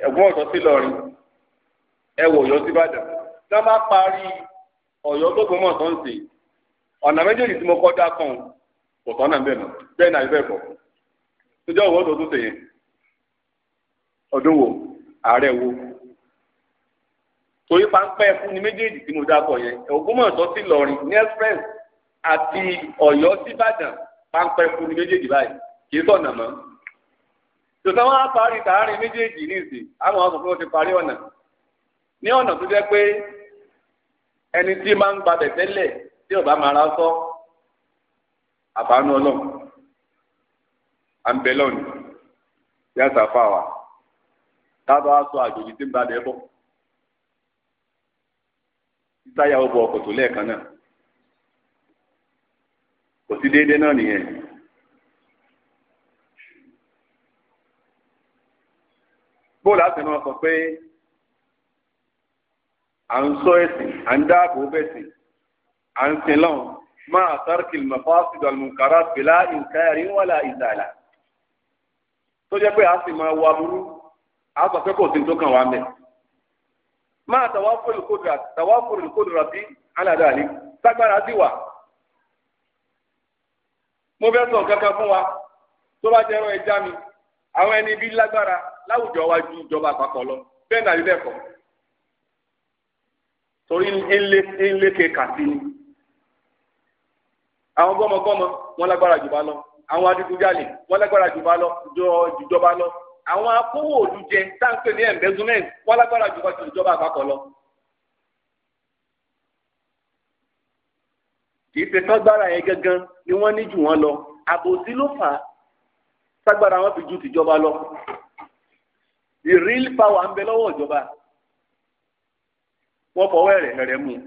ẹ̀gbọ́n ọ̀dọ́ sí Ìlọrin ẹ wo Ọ̀yọ́ sí Ìbàdàn tá a bá parí Ọ̀yọ́ tó gbọmọ tó ń sìn ọ̀nà méjèèjì tí mo kọ́ dá kan kò tọ́nà bẹ́ẹ̀ mọ́ bẹ́ẹ̀ náà bẹ́ẹ̀ kọ́ tó jẹ́ òwò tó tún sèyẹn ọdún wo ààrẹ wo torí páńpẹ́ fún ni méjèèjì tí mo dákọ̀ yẹn Ògbómọ̀ṣọ́ sí lọ́rin ní express àti Ọ̀yọ́ sí Ìbàdàn páńpẹ́ fún ni méjèèjì báyìí kì í sọ̀nà mọ́ tòtọ́ wọn á parí tààrin méjèèjì ní ìsìn àwọn ọmọ fún wọn ti parí ọ̀nà ní ọ̀nà tó jẹ́ pé ẹni tí máa ń gbabẹ̀ tẹ́lẹ̀ tí ọba máa ra sọ àbánú ọlọ́run àǹbẹ̀lọ́ọ̀nù yàtọ̀ àfàwà tábà sọ àjòjì tí ń ba bẹ́ẹ̀ bọ̀ táyà ó bọ ọkọ̀ tó lẹ́ẹ̀kan náà kò sí déédéé náà nìyẹn. bóòlù àtẹnu ọkọ pé à ń sọ ẹ̀sìn à ń dáàbò bẹ̀sìn à ń sin lọ́hùn máa sárkìl mọ̀fásì dọ̀lùmùkárà bìlá ìǹkàrí wàlà ìdàlà tó jẹ́ pé a sì máa wà burú a sọ pé kò sí tó kàn wá mẹ́ẹ̀. maa tàwáfúrú kódra tàwáfúrú kódra bí aládàáni tágbára sí wa. mo fẹ́ sọ nǹkan kan fún wa mi àwọn ẹni bí lágbára láwùjọ wa lọ bẹ́ẹ̀ náà rí bẹ́ẹ̀ torí ńléke kàtí ni àwọn gbọ́mọgbọ́mọ wọn adigunjalè wọn àwọn akówó olùjẹ táǹpẹ ní embezzlement wọn lágbára jù wájú ìjọba àpapọ̀ lọ. kì í ṣe tágbára yẹn gangan ni wọ́n ní jù wọ́n lọ àbòsí ló fà á tágbára wọn fi ju tìjọba lọ. the real power ń bẹ lọ́wọ́ ìjọba wọ́n fọwọ́ ẹ̀rẹ̀ rẹ̀ mú un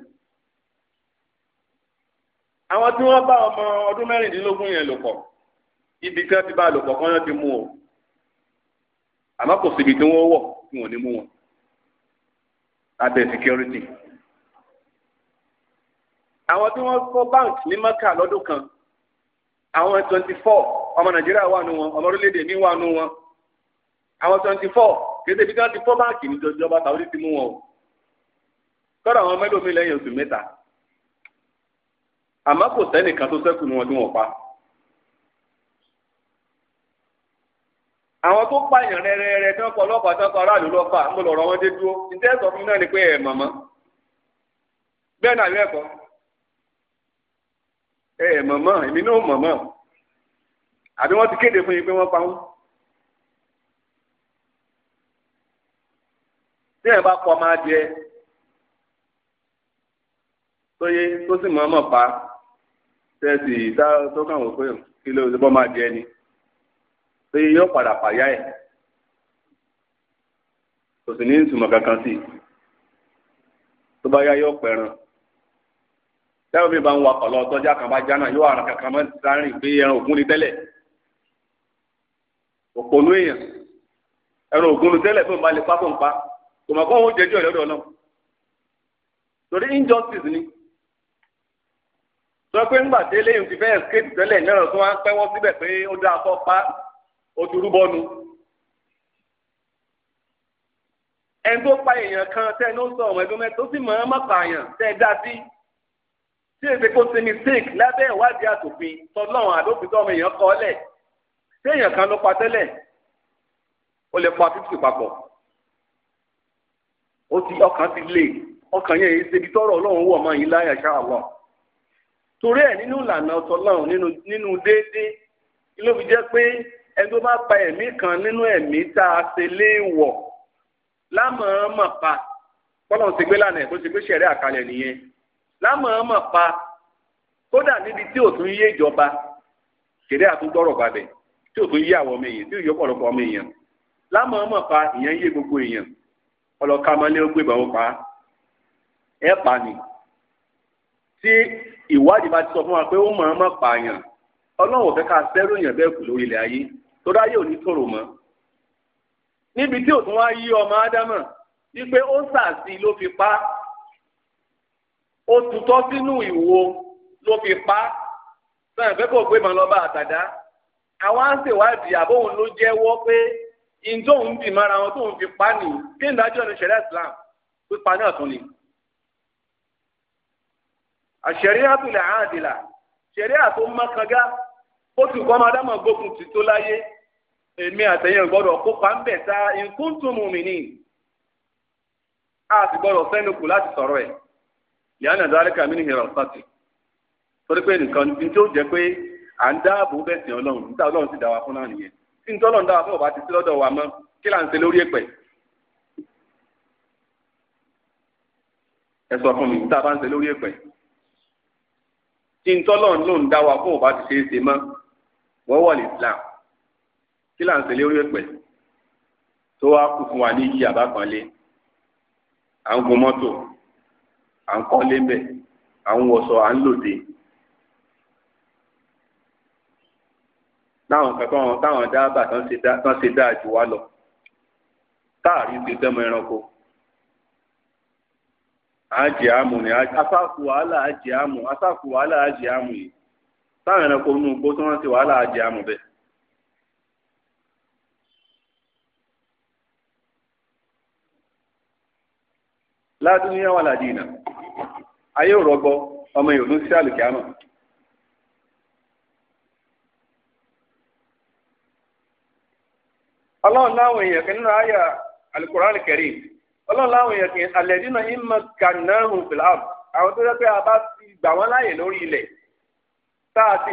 àwọn tí wọ́n bá ọmọ ọdún mẹ́rìndínlógún yẹn lò pọ̀ ibi tí wọ́n ti bá lò pọ̀ kán ti mú o àmọ́ kò síbi tí wọ́n wọ̀ tí wọ́n ní mú wọn abẹ́ security. àwọn tí wọ́n kọ́ bank ní maka lọ́dún kan àwọn twenty four ọmọ nàìjíríà wà nù wọn ọmọ orílẹ̀-èdè mi wà nù wọn àwọn twenty four kéde bí wọ́n ti fọ́ báǹkì ní ìjọba Saudi ti mú wọn o tọ́ra àwọn mẹ́lòmí lẹ́yìn oṣù mẹ́ta àmọ́ kò sẹ́nìkan tó sẹ́kù ní wọn tí wọ́n pa. àwọn tó pààyàn rẹrẹrẹ tí wọn kọ ọlọ́pàá tí wọn kọ aráàlú lọfà ń bọ lọ́rọ̀ wọn dé dúró ǹjẹ́ sọ fún náà ni pé ẹ mọmọ bẹ́ẹ̀ náà yọ ẹkọ ẹ mọmọ èmi náà mọmọ àbí wọn ti kéde fún yín pé wọn pa wọn. tí ẹ bá kọ máa jẹ tóyé tó sì mọ̀ọ́mọ̀ pa tẹ̀sí tó kàn wọ́n pé kí ló bọ́ máa jẹ ni. pé yóò padà pàyà ẹ̀ kò sì ní ìtumọ̀ kankan sí i tó bá yá yóò pẹ̀ràn tẹ́wọ́n mi bá ń wakọ̀ lọ tọ́jà kan bá jánà yóò àrùn kankan mọ́ sáré pé ẹran ògún ni tẹ́lẹ̀ òpònú èèyàn ẹran ògún ni tẹ́lẹ̀ fún balẹ̀ pápọ̀npá kò mọ̀ kó ń jẹjọ́ ìlọ́dọ̀ náà torí injustice ni sọ pé ńgbà délé yìí ti fẹ́ escape tẹ́lẹ̀ náà tó wá ń pẹ́wọ́ síbẹ̀ pé ó dáa fọ́ pa ó ti rúbọ nu ẹni tó pa èèyàn kan tẹ́ ló ń sọ ọ̀wọ́n ẹgbẹ́ mẹ́ta ó sì mọ̀ ọ́n má pààyàn tẹ́ dá sí tí èsì kò ṣe mistake lábẹ́ ìwádìí àtòfin tọ́lọ́run àdófin tọ́mọ èèyàn kọ́ lẹ̀ tí èèyàn kan ló pa tẹ́lẹ̀ ó lè pa fífi papọ̀ ó ti ọkàn ti lè ọkàn yẹn èyí ṣe ibi tọ́rọ̀ ọlọ́run wọ̀ mọ́ yìí láyà ṣá àwọn torí ẹ̀ nínú ìlànà ọ̀tọ̀ ọlọ́run nínú déédéé ló fi jẹ́ pé ẹni tó bá pa ẹ̀mí kan nínú ẹ̀mí tá a ṣe léèwọ̀ lámọ̀ọ́mọ̀ pa kọ́lọ́n ti gbé lánàá ẹ̀ tó ti gbé ṣẹ̀rí àkàlẹ̀ nìyẹn lámọ̀ọ́mọ̀ pa kódà níbi tí ò tún yé ìjọba ṣẹ̀rí àtúgbọ́rọ̀ gbàbẹ̀ tí ò tún yé àwọn ọmọ èèyàn tí ò yé ọ̀pọ̀lọpọ̀ ọmọ èèyàn lámọ̀ọ́mọ̀ pa ìyẹn yé gbogbo èèyàn ọlọ́ka mọ́lẹ́ ó gbé ìbọn pa ẹ̀ pa ni tí ìwádìí bá ti sọ fún wa pé ó mọ̀ọ́mọ̀ pààyàn ọlọ́run ò fẹ́ ká fẹ́ràn èèyàn bẹ́ẹ̀ tó dáyé òní tòrò Nibiti níbi tí òtún wá yí ọmọ ádámà wípé ó sàásì ló fi pa ó tutọ́ sínú ìwo ló fi pa sọ̀rọ̀ pé kò gbé mọ́ lọ́ba àtàdá àwọn àbóhùn ló jẹ́wọ́ pé ìdóhùn dì mára wọn tóun fi pa nìyí kí ìdájọ́ ni ṣẹlẹ̀ Islam pípa náà ni àṣẹríàtúlẹ̀ àádìlà ṣẹríà tó ó ti kọ́ ọmọ adámọ̀ gbógun láyé èmi àtẹ̀yìn gbọ́dọ̀ kópa ń bẹ̀ ta nkúntùn mu'minin a sì gbọ́dọ̀ láti sọ̀rọ̀ ẹ̀ yàrá mí ní hìrọ̀ sọ́ọ̀tì torí pé nìkan ní tí ó jẹ́ pé à ń dáàbò bẹ̀sìn ọlọ́run níta ọlọ́run ti dà fún náà nìyẹn ti sí lọ́dọ̀ ń lórí ẹ̀pẹ̀ ẹ sọ fún ń se lórí ẹ̀pẹ̀ kí là ń ṣe lórí ẹ̀pẹ̀ tó wá kù fún wa ní iyì àbákanlé à ń gun mọ́tò à ń kọ́lé mbẹ̀ à ń à ń táwọn táwọn tán ṣe dáa jù wa lọ táàrí ti sẹ́mu ẹranko àmù ni wàhálà àmù wàhálà àmù yìí táwọn ẹranko nù gbó tí ti wàhálà ládùúyà wà ládìínà ayé ò rọgbọ ọmọ yòó ló ń sí àlùkìámà. ọlọ́run láwọn èèyàn kan nínú àyà alukurani kẹrin ọlọ́run láwọn èèyàn kan alẹ́dínà ìmọ̀ kanáhùn àwọn tó yẹ pé a bá ti gbà wọ́n láàyè lórí ilẹ̀ tá wọn á fi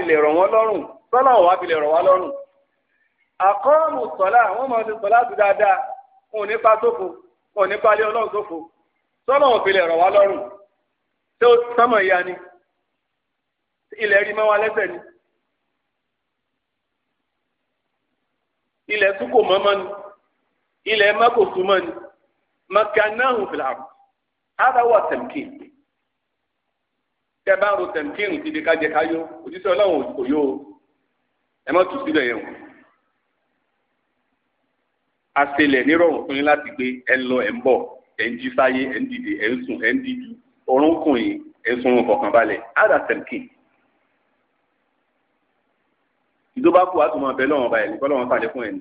lè rọ̀ wá lọ́rùn. àkọ́ọ̀mù sọ́lá ti sọ́lá ti dáadáa wọn ò ní pa sófo wọn ò ní ọlọ́run sófo sọ́nà òfin lè rọ̀ wá lọ́rùn tó sánmọ̀ ìyá ni ilẹ̀ rí mọ́ wa lẹ́sẹ̀ ni ilẹ̀ tún kò mọ́ mọ́ ni ilẹ̀ má kò tún mọ́ ni makanahu filam ara wà tẹ̀mkìn tẹ́ bá ro tẹ̀mkìn ti di kájẹ káyó òjíṣẹ́ ọlọ́run kò yó ẹ má tù síbẹ̀ yẹn o àṣẹlẹ̀ nírọ̀rùn fún yín láti gbé ẹ lọ ẹ ń bọ̀ ẹ̀ ń jí sáyé ẹ̀ ń dìde ẹ̀ ń sùn ẹ̀ ń dìjú orúnkún yìí ẹ̀ ń sunrun fọkànbalẹ̀ ada tẹ̀kì. ìjọba kù wá tó máa bẹ lọ́wọ́n báyìí nípa ọlọ́run sàlẹ̀ fún ẹ̀ ní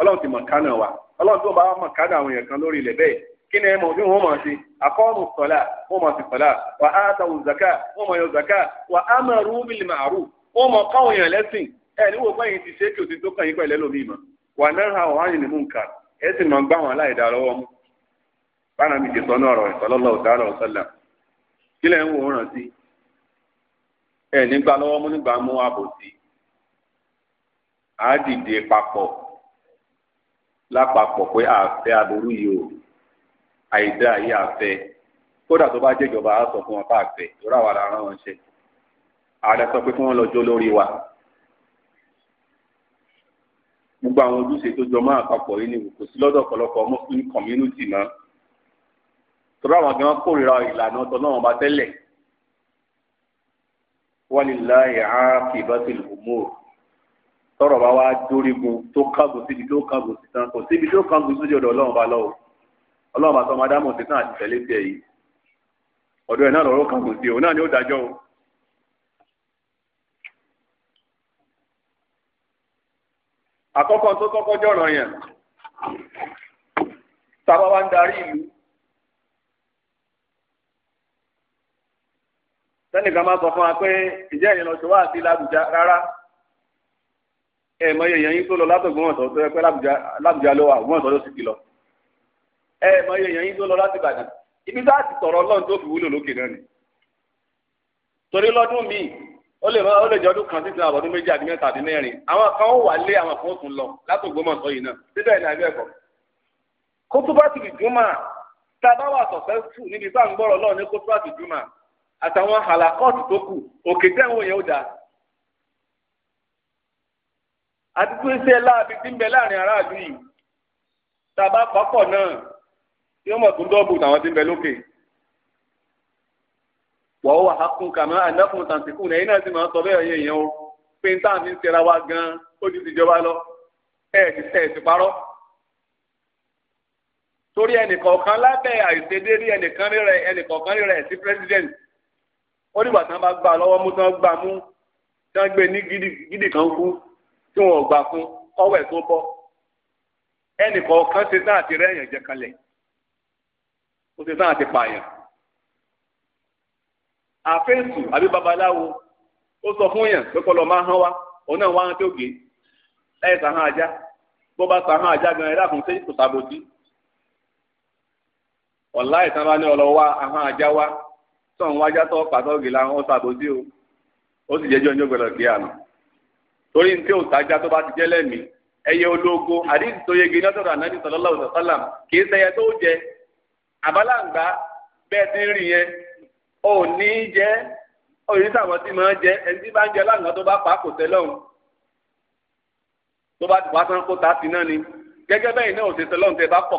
ọlọ́run ti mọ̀ kánà wa ọlọ́run tó bá mọ̀ kánà àwọn èèyàn kan lórí ilẹ̀ bẹ́ẹ̀ kí ni ẹ mọ̀ bí wọ́n mọ̀ sí akọ́ọ̀mù sọ̀lá wọ́n mọ̀ sí sọ̀lá wà á tàwù zaka wọ́n mọ̀ yọ zaka wà á mọ̀ rúbìlì màrú wọ́n mọ̀ káwọn èèyàn lẹ́sìn ẹ̀ ní wò báyìí ti ṣe é kí o ti tó kàn yín pẹ̀lẹ́ lómi mọ̀ wà náà hàn wọ́n á yìn ní mú nǹkan ẹ̀ sì mọ̀ gbá wọn láì dá lọ́wọ́ mú báwọn àmì ti sọ ní ọ̀rọ̀ ìsọlọ́lọ́ ọ̀dàrọ̀ ọ̀sọ́là kí lẹ̀ ń wò ó rántí ẹ̀ nígbà lọ́wọ́ mú nígbà mú àbòsí á dìde papọ̀ lápapọ̀ pé àfẹ́ aburú yìí o àìdá yìí àfẹ́ kódà tó bá jẹ́jọba á sọ fún wọn fáàfẹ́ lórí àwọn ará wọn ṣe ààrẹ sọ pé kí wọ́n lọ jó lórí wa gbogbo àwọn ojúṣe tó jọ mọ́ àpapọ̀ yìí ni kò sí lọ́dọ̀ ọ̀pọ̀lọpọ̀ muslim community náà torí àwọn kí wọ́n kórìíra ìlànà ọ̀tọ̀ náà wọ́n bá tẹ́lẹ̀ walillahi aqibatul umur tọrọ bá wá dórígun tó kángun síbi tó kángun sí tán kò síbi tó kángun sójú ọ̀dọ̀ ọlọ́run bá lọ́wọ́ ọlọ́run bá sọmọ adámọ̀ sí tán àti tẹ̀lé tiẹ̀ yìí ọ̀dọ̀ ẹ̀ náà lọ́rọ̀ kángun sí òun náà ni ó dájọ́ o. àkọ́kọ́ tó kọ́kọ́ jọ̀rọ̀ yẹn táwa wá ń darí ìlú sẹ́nìkan máa sọ fún wa pé ìjẹ́ ìyẹn lọ ṣe wá sí làbújá rárá ẹ mọ iye èèyàn yín tó lọ látògbómọ̀tò tó yẹ pé làbújá ló wà ògbómọ̀tò ló sì ti lọ ẹ mọ iye èèyàn yín tó lọ láti Ìbàdàn ibi tá a ti tọ̀rọ̀ Ọlọ́run tó fi wúlò lókè náà ni torí lọ́dún míì ó lè ó lè jẹ́ ọdún kan títí àwọn ọdún méjì àti mẹ́ta àti mẹ́rin àwọn kan ó wà lé àwọn kan ó tún lọ látògbómọ̀tò yìí náà síbẹ̀ ní abẹ́ ẹ̀kọ́ kótópátì ìjùmọ̀ tá a bá wà sọ̀fẹ́ fù níbi àtàwọn àlàkọ́ọ̀tù tó kù òkè tẹ̀wọ̀n yẹn ó dáa. àti tó iṣẹ́ láàbí tí ń bẹ láàrin aráàlú yìí tàbá pápọ̀ náà yóò mọ̀ tó dọ́ọ̀bù tàwọn tí ń bẹ lókè. wọ́n wà á kún kàmá àdákùn tàǹtìkù náà iná sì máa ń sọ bẹ́ẹ̀ yẹn yẹn o pé n mi ń tẹra wa gan-an ó ti tìjọba lọ ẹ̀ ti tẹ̀ ti parọ́. torí ẹnìkọ̀ọ̀kan lábẹ́ àìṣedéérí ẹnìkan rírẹ̀ ẹnìkọ̀ọ̀kan rírẹ̀ sí pírẹ́sidẹ̀ntì ó dìgbà tí wọ́n bá gbà lọ́wọ́ mú tí wọ́n gbà mú tí wọ́n gbé ní gidi kan kú tí wọ́n gbà fún ọwọ́ ẹ̀ tó bọ́ ẹnìkan kan ṣe tán àti rẹ́yìn jẹ kalẹ̀ ó ṣe tán àti pààyàn àfẹ́ǹsù àbí babaláwo ó sọ fún yàn pé kọ́ lọ máa hán wa òun náà wá hán tó gé láì sàhán ajá bó bá sàhán ajá gan ẹ láàfin sẹ́yìn kò sàbòdì ọ̀la ìtàn bá ní ọlọ́wọ́ ahán ajá wa. tọ̀hún wájá tó pàtó gèlè àwọn ọ̀sàbòsí o ó sì jẹ́jọ́ ní ògbẹ́lọ̀ kí àná torí ní tí ò tájá tó bá ti jẹ́ lẹ́mí ẹyẹ ológo àdéhùn tó yege ní ọ̀dọ̀ ànábì sallallahu alaihi kì í tó jẹ àbálàǹgbá bẹ́ẹ̀ ti ń yẹn ò ní jẹ́ òyìnbí tí jẹ ẹni tí bá jẹ láǹgbá tó bá pa kò tó bá ti kó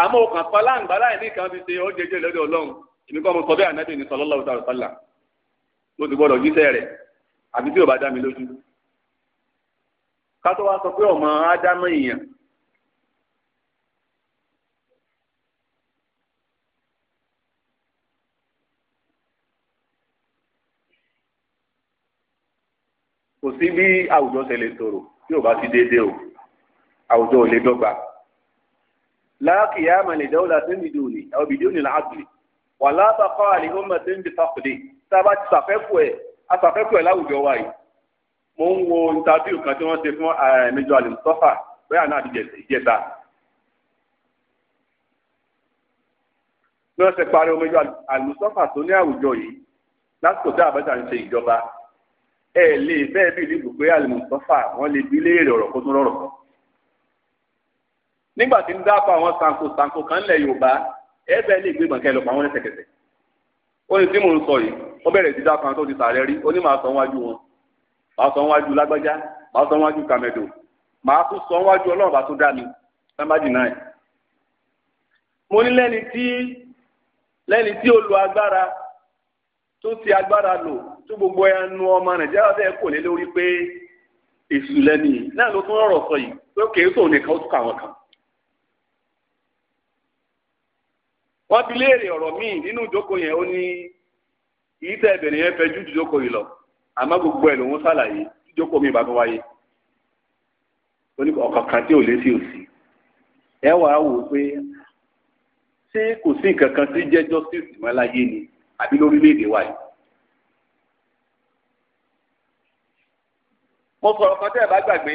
àmọ́ ọkàn pa láǹgbá láì ní kan fi ṣe ó jẹjẹ lọ́dọ̀ ọlọ́run èmi kọ́ mo sọ bẹ́ẹ̀ ànábì ní sallallahu ta'ala sálà ló ti gbọ́dọ̀ jíṣẹ́ rẹ̀ àbí tí ò bá dá mi lójú. kátó wá sọ pé ọmọ bí àwùjọ ṣe lè tí ò bá ti o àwùjọ ò lè dọ́gba. láàkìyà màlẹ̀dáwòlá tó ń bi dòní àwọn bi dòní làágùlì wà lábàkọ́ àlìhómà tó ń bi fàkùdé tá a bá ti sàfẹ́kù ẹ̀ a sàfẹ́kù ẹ̀ láwùjọ wa yìí mo ń wo ìtàbíù kan tí wọ́n ṣe fún ẹ̀ẹ́mẹjọ àlùmọ́tọ́fà bẹ́ẹ̀ náà ìjẹta bí wọ́n ṣe parí ọmọ ìjọ àlùmọ́tọ́fà tó ní àwùjọ yìí lásìkò tí àbájá ń ṣe ìjọba ẹ̀ lè fẹ́ẹ́ bí ìlú gbogbo àlùmọ́tọ́fà wọ́n lè bí léèrè ọ̀rọ̀ kó tún rọ̀rọ̀ kan nígbà tí ń dápọ̀ àwọn sanko sanko kan lẹ̀ Yorùbá ẹ bẹ́ẹ̀ lè gbé gbọ̀ngàn lọ pa àwọn lẹ́sẹ̀kẹsẹ̀ ó ní tí mò ń sọ yìí ó bẹ̀rẹ̀ sí dápọ̀ àwọn tó ti sàrẹ́ rí ó ní màá sọ wájú wọn màá sọ wájú lágbájá màá sọ wájú kàmẹ́dò màá tún sọ wájú ọlọ́run bá tó dá mi sábàjì náà mo ní lẹ́ni tí lẹ́ni tí ó lo agbára tó ti agbára lò tó gbogbo ẹnu ọmọ Nàìjíríà bẹ́ẹ̀ kò wọ́n bi léèrè ọ̀rọ̀ míì nínú ìjókòó yẹn ó ní yìí tẹ́ ẹ̀bẹ̀rẹ̀ yẹn fẹ́ ju ìjókòó yìí lọ àmọ́ gbogbo ẹ̀ lòun ṣàlàyé ìjókòó mi bá fẹ́ wáyé ó ní ọ̀kọ̀ọ̀kan tí ò lé sí òsì ẹ wàá wò ó pé ṣé kò sí nǹkan kan tí jẹ́ justice mọ́ láyé ni àbí lórílẹ̀ wa yìí. mo sọ̀rọ̀ kan tẹ́ ẹ̀ bá gbàgbé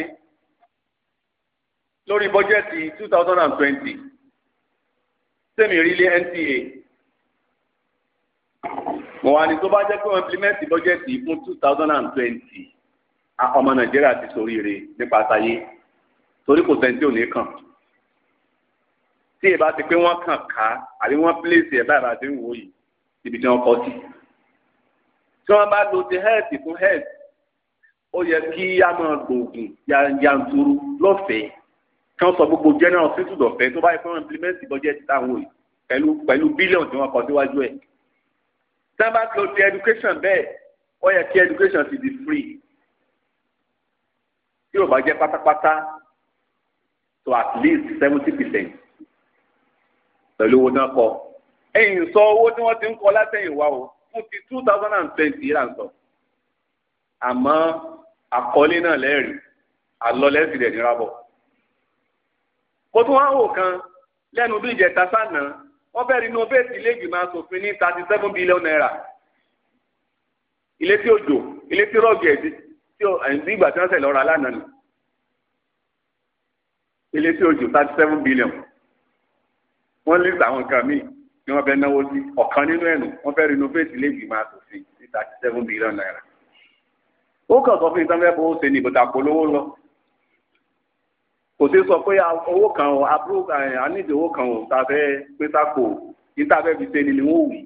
lórí bọ́jẹ́ẹ̀tì two thousand and twenty sẹ́mi rí lé NTA mo wà ní tó bá jẹ́ pé wọ́n implement budget yìí fún two thousand and twenty ọmọ Nàìjíríà ti ṣoríire nípa àtàyè torí kò sẹ́ni tí ò ní kàn tí ìbá ti pé wọ́n kàn ká àbí wọ́n pílẹ̀sì ẹ̀ báyìí àti ìwò yìí ibi tí wọ́n kọ́ sí. tí wọ́n bá lo ti health fún health ó yẹ kí a máa gbòògùn yanturu lọ́fẹ̀ẹ́ kí sọ gbogbo general hospital dọ̀fẹ́ tó bá yẹ kí wọ́n implement budget táwọn yìí pẹ̀lú pẹ̀lú bílíọ̀nù tí wọ́n kọ síwájú ẹ̀. tá a bá lọ sí education bẹ́ẹ̀ ó yẹ kí education ti di free tí ò bá jẹ́ pátápátá to at least seventy percent pẹ̀lú owó náà kọ. ẹ̀yìn sọ owó tí wọ́n ti ń kọ látẹ̀yìn wá o fún ti two thousand and twenty là ń sọ. àmọ́ àkọlé náà lẹ́rìí àlọ́ lẹ́sìn rẹ̀ nírà bọ̀ kó tún wá wò kan lẹ́nu bí ìjẹta sànà wọ́n fẹ́ rí inú bẹ́ẹ̀sì ilé ìgbìmọ̀ asòfin ní thirty seven billion naira ilé tí ó jò ilé tí rọ́ọ̀gì ẹ̀dí tí ó ẹ̀dí ìgbà tí wọ́n sẹ̀ lọ́ra lánàá nù ilé tí ó jò thirty seven billion wọ́n lè sàwọn nǹkan míì ni wọ́n fẹ́ náwó sí ọ̀kan nínú ẹ̀nu wọ́n fẹ́ rí inú bẹ́ẹ̀sì ilé ìgbìmọ̀ asòfin ní thirty seven billion naira ó kàn sọ fún ìtàn fẹ́ fowó ṣe ní ìbòtà polówó lọ kò sí sọ pé owó kan o àbúrò àníjì owó kan o tá a fẹ́ pín sáko ní tá a fẹ́ fi ṣe ni ni wọ́n wì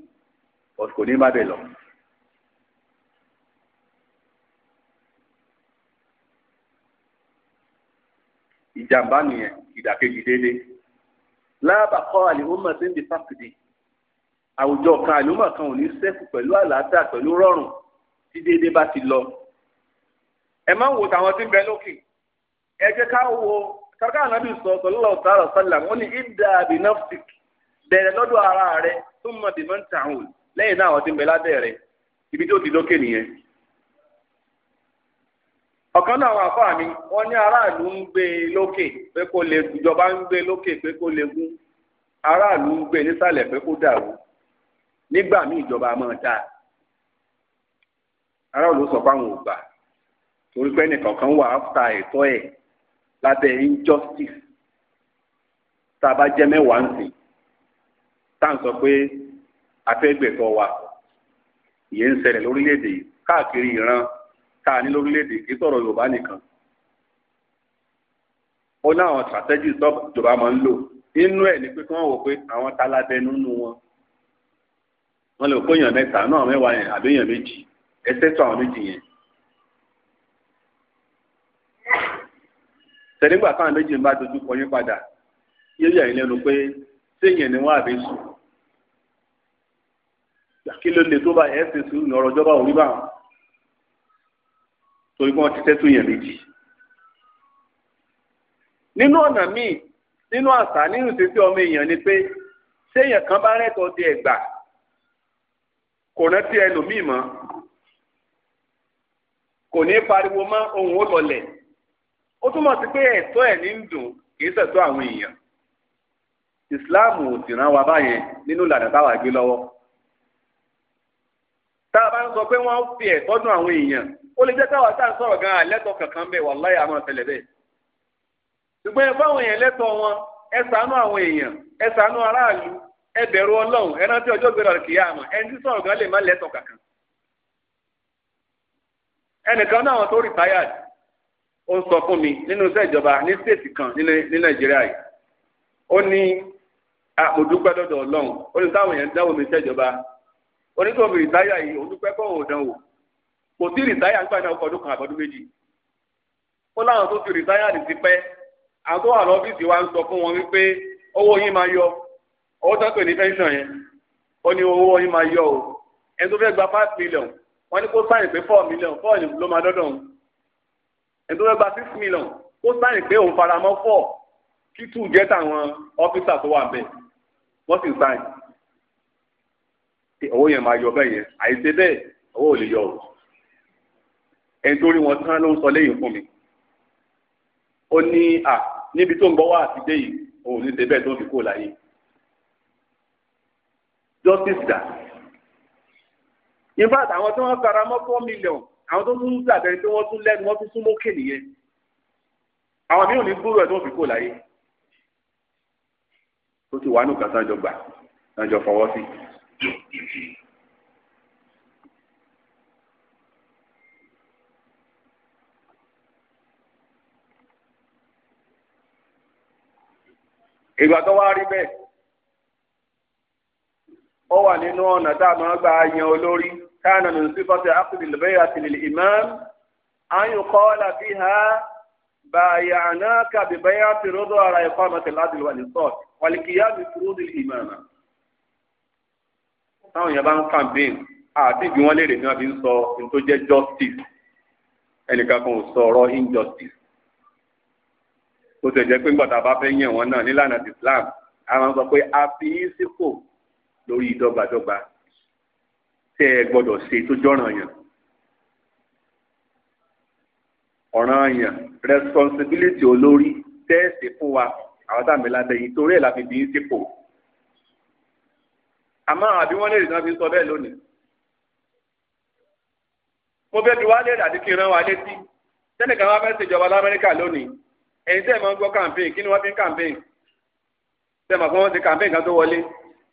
ọ̀sùn kò ní bá bẹ̀ lọ. ìjàmbá nìyẹn ìdàkejì déédéé lábàkọ́ àlèhùnmọ̀ sí ń di fákìdì àwùjọ kan àlùmọ̀ kan ò ní sẹ́kù pẹ̀lú àlàáfíà pẹ̀lú rọrùn tí déédéé bá ti lọ. ẹ má wo tàwọn tí ń bẹ lókè ẹ jẹ́ ká wo kàkà ànábì sọ sallallahu ta'ala sallam wọ́n ní ibda bi nafsik bẹ̀rẹ̀ lọ́dọ̀ ara rẹ thumma bi man ta'ul lẹ́yìn náà àwọn tí ń bẹ ibi tó ti lókè nìyẹn. ọ̀kan náà àwọn àfáà mi wọ́n ní aráàlú ń gbé e lókè pé kó lè ìjọba ń gbé e lókè pé kó lè gùn aráàlú ń gbé e nísàlẹ̀ pé kó dàrú nígbà míì ìjọba máa dáa aráàlú sọ fáwọn ògbà torí pé ẹnìkọ̀ọ̀kan wà áfta ẹ̀tọ́ ẹ̀ lábẹ́ injustice tá a bá jẹ́ mẹ́wàá ń sìn tá à ń sọ pé afẹ́gbẹ̀tọ́ wa ìyẹn ń ṣẹlẹ̀ lórílẹ̀‐èdè káàkiri ìran tá a ní lórílẹ̀‐èdè kì í sọ̀rọ̀ Yorùbá nìkan ó ní àwọn strategies tó ìjọba máa ń lò nínú ẹ̀ ni pé kí wọ́n wò pé àwọn talabẹnu nínú wọn wọ́n lè kó èèyàn mẹ́ta náà mẹ́wàá yẹn àbí èèyàn méjì ẹsẹ̀ tó àwọn méjì yẹn tẹ̀légbà káwọn méjì ń bá dojú kọ yín padà yóò yà yín lẹ́nu pé séèyàn ni wọ́n àbí sùn kí ló lè tó bá ẹ̀ ṣe sùn ní ọ̀rọ̀ ìjọba òrí bá wọn torí wọ́n ti tẹ́tù yẹn méjì. nínú ọ̀nà míì nínú àṣà nínú ìṣesí ọmọ èèyàn ni pé séèyàn kan bá rẹ́tọ̀ọ́ di ẹ̀gbà kò rántí ẹlòmíì mọ́ kò ní pariwo mọ́ ohun ó lọlẹ̀. ó túmọ̀ sí pé ẹ̀tọ́ ẹ̀ ní ń dùn kì í àwọn èèyàn ìsìláàmù ò sì rán wa báyẹn nínú ìlànà táwa gbé lọ́wọ́ tá a bá ń sọ pé wọ́n fi ẹ̀tọ́ dùn àwọn èèyàn ó lè jẹ́ táwa tá sọ̀rọ̀ gan-an lẹ́tọ̀ọ́ kankan bẹ́ẹ̀ bẹ́ẹ̀ ṣùgbọ́n ẹ fáwọn èèyàn lẹ́tọ̀ọ́ àwọn èèyàn ẹ aráàlú ẹ bẹ̀rù ọlọ́run ẹ rántí ọjọ́ ó ń sọ fún mi nínú iṣẹ́ ìjọba ní stéètì kan ní nàìjíríà yìí ó ní mo dúpẹ́ lọ́dọ̀ ọlọ́run ó ní táwọn èèyàn dáwọ́ mi iṣẹ́ ìjọba onítòmí rìtáyà yìí ó dúpẹ́ kọ́ òun dánwò kò sí rìtáyà nígbà náà ọkọ̀ ọdún kan àbọ̀dún méjì ó láwọn tó fi rìtáyà ní ti pẹ́ àwọn tó wà lọ́fíìsì wa ń sọ fún wọn wípé owó yín máa yọ owó tó ń pè ní pension yẹn ó ní owó yín máa yọ o ẹni tó fẹ́ gba five million wọ́n ní kó sáyìn pé four million four ló máa dọ́dọ̀ òun ẹni tó six million kó sáyìn pé òun faramọ́ four kí two jẹ́ tàwọn ọ́fíìsà tó wà bẹ́ẹ̀ wọ́n sì sáyìn owó yẹn máa yọ bẹ́ẹ̀ yẹn àìṣe bẹ́ẹ̀ owó ò lè yọ o ẹni tó rí wọn tán ló ń sọ lẹ́yìn fún mi ó ní à níbi tó ń gbọ́ wá àtijọ́ yìí òun ní ṣe tó fi kó láyé justice dà in fact àwọn tí wọ́n fara mọ́ four million àwọn tó tún dàbẹ̀ pé wọ́n tún lẹ́nu wọ́n tún sún mókè nìyẹn àwọn míràn ní gbúrò ẹ̀ tó fi kó láyé ó ti wà nù kan sáńjọ gbà sáńjọ fọwọ́ sí. ìgbà tó wá rí bẹ́ẹ̀ ó wà nínú ọ̀nà tá a máa gbà yan olórí. كان من صفة عقد البيعة للإمام أن يقال فيها بايعناك ببيعة رضا على إقامة العدل والإنصاف والقيام بفروض الإمامة. táwọn èèyàn bá ń kàmpéyìn àti ìbí wọn léèrè ní wọn fi ń sọ ohun tó jẹ́ justice ẹnìkan kan ò sọ ọ̀rọ̀ injustice ó sì jẹ́ pé gbọdọ bá fẹ́ yàn wọn náà nílànà Islam àwọn sọ pé a fi í sípò lórí ìdọ́gbadọ́gba tẹ́ ẹ gbọ́dọ̀ ṣe tó jọ́ràn yàn ọ̀ràn yàn responsibility olórí tẹ́ẹ̀sì fún wa àwọn tá à ń bẹ lábẹ́ yìí torí ẹ̀ la fi bí í sípò àmọ́ àbí wọ́n lè rí náà fi sọ bẹ́ẹ̀ lónìí mo fẹ́ fi wá lérè kí n rán wa létí sẹ́nìkan wá fẹ́ ṣèjọba lamẹ́ríkà lónìí ẹ̀yin tẹ́ ẹ̀ máa ń gbọ́ campaign kí ni wọ́n fi ń campaign tẹ́ ẹ̀ máa fọ́ wọ́n ṣe campaign kan tó wọlé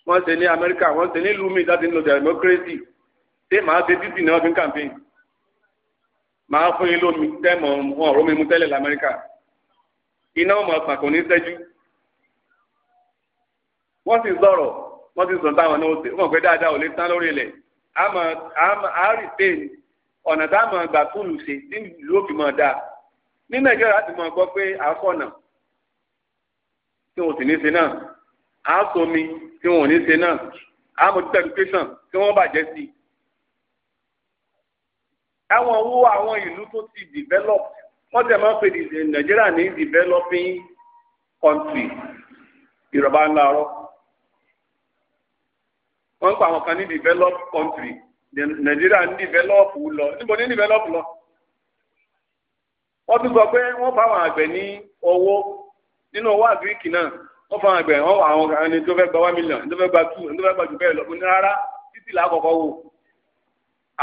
wọ́n ṣe ní amẹ́ríkà wọ́n ṣe ní lumi láti ń lo democracy ṣé màá ṣe títì náà fi ń campaign màá fún yín lómi tẹ́mọ̀ wọn ọ̀rọ̀ mi mú tẹ́lẹ̀ lamẹ́ríkà iná ọmọ ọ̀sán kò ní sẹ́jú wọ́n sì sọ̀rọ̀ wọ́n sì sọ táwọn náà ṣe wọ́n pẹ́ dáadáa ò lè tán lórí ilẹ̀ a rí pain ọ̀nà táwọn àgbà fúlù ṣe tí ìlú òfin máa dáa ní nàìjíríà láti máa gbọ́ pé àfọ̀nà tí wọn ò sì ní ṣe náà àsomi tí wọn ò ní ṣe náà àmójútó education tí wọ́n bàjẹ́ sí i àwọn wo àwọn ìlú tó ti develop wọ́n tẹ̀ máa ń pè Nàìjíríà ní developing country ìrọ̀bá ńlá rọ wọ́n ń pa àwọn kan ní develop country Nàìjíríà ń develop lọ níbo ní develop lọ wọ́n tún sọ pé wọ́n fa àwọn àgbẹ̀ ní owó nínú owó àgíríkì náà wọ́n fa àwọn àgbẹ̀ àwọn ẹni tó fẹ́ gba one million ẹni tó fẹ́ gba two ẹni tó fẹ́ gba jù bẹ́ẹ̀ lọ fún rárá títí làákọ̀ọ́kọ́ wò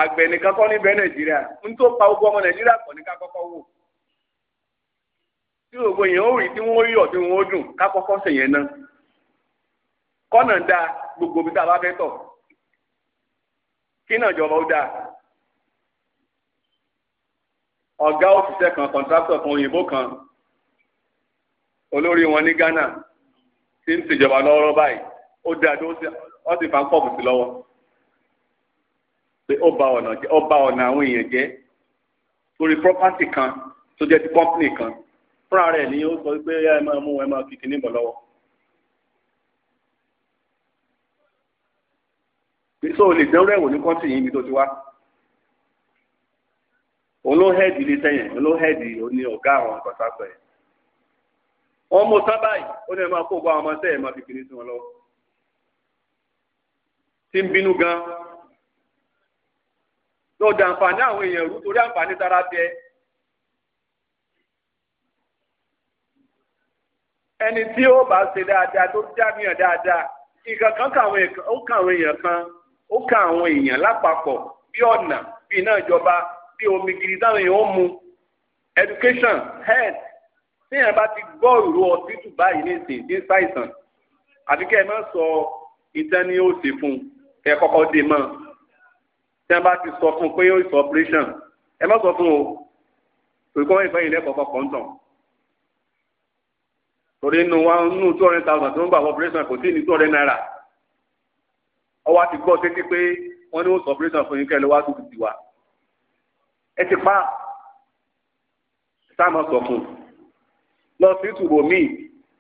àgbẹ̀ nìkan kọ́ níbẹ̀ nàìjíríà ń tó pa gbogbo ọmọ nàìjíríà pọ̀ ní ká kọ́kọ́ wò tí gbogbo èèyàn ó rí tí wọ́n yọ̀ tí wọ́n ó dùn ká kọ́kọ́ sèyẹn náà kọ́nà da gbogbo bí tá a bá fẹ́ tọ̀ kí náà jọba ó dáa ọ̀gá òṣìṣẹ́ kan kọ̀ǹtráktọ̀ kan òyìnbó kan olórí wọn ní Ghana ti ń ṣèjọba lọ́wọ́lọ́wọ́ báyìí ó dáa tó ó sì fà ń pọ̀ bùsí lọ́wọ́. pé ọba ba ọ̀nà jẹ́ ó property kan tó jẹ́ ti company kan fúnra rẹ̀ ni ó sọ pé ẹ máa mú ẹ máa fi kíní bọ̀ lọ́wọ́. so o lè dánwó ẹ̀wò ní kọ́ńtì yìí ibi tó ti wá òun ló hẹ́ẹ̀dì ilé sẹ́yìn òun ló hẹ́ẹ̀dì òní ọ̀gá àwọn wọ́n mú sábà yìí ó ní ẹ máa kó gbọ́ àwọn ọmọ tó da àǹfààní àwọn èèyàn rú torí àǹfààní tara tẹ ẹni tí ó bá ṣe dáadáa tó jámìyàn dáadáa nǹkan kan kàwọn èèyàn ó kàwọn èèyàn kan ó kà àwọn èèyàn lápapọ̀ bí ọ̀nà bí iná ìjọba bí omi gidi táwọn èèyàn ó mu education health téèyàn bá ti gbọ́ ìró ọ̀sìtù báyìí nísìn ní ṣàìsàn àbíkẹ́ ẹ má sọ ìtàn ni ó ṣe fún ẹ kọ́kọ́ dé mọ́ ọ tí wọ́n bá ti sọ fún un pé ó sọ operation ẹ má sọ fún o torí kọ́ ìfẹ́ yìí lẹ́kọ̀ọ́ kọ́kọ́ ń tàn torí nínú wa nínú two hundred thousand tó ń gbà operation kò sí ní two hundred naira ọwọ́ àti gbọ́ sétí pé wọ́n ní ó sọ operation fún yín kẹ́lẹ́ wá tó ti wá ẹ ti pa sáà má sọ fún un lọ sí ìtùbọ̀ míì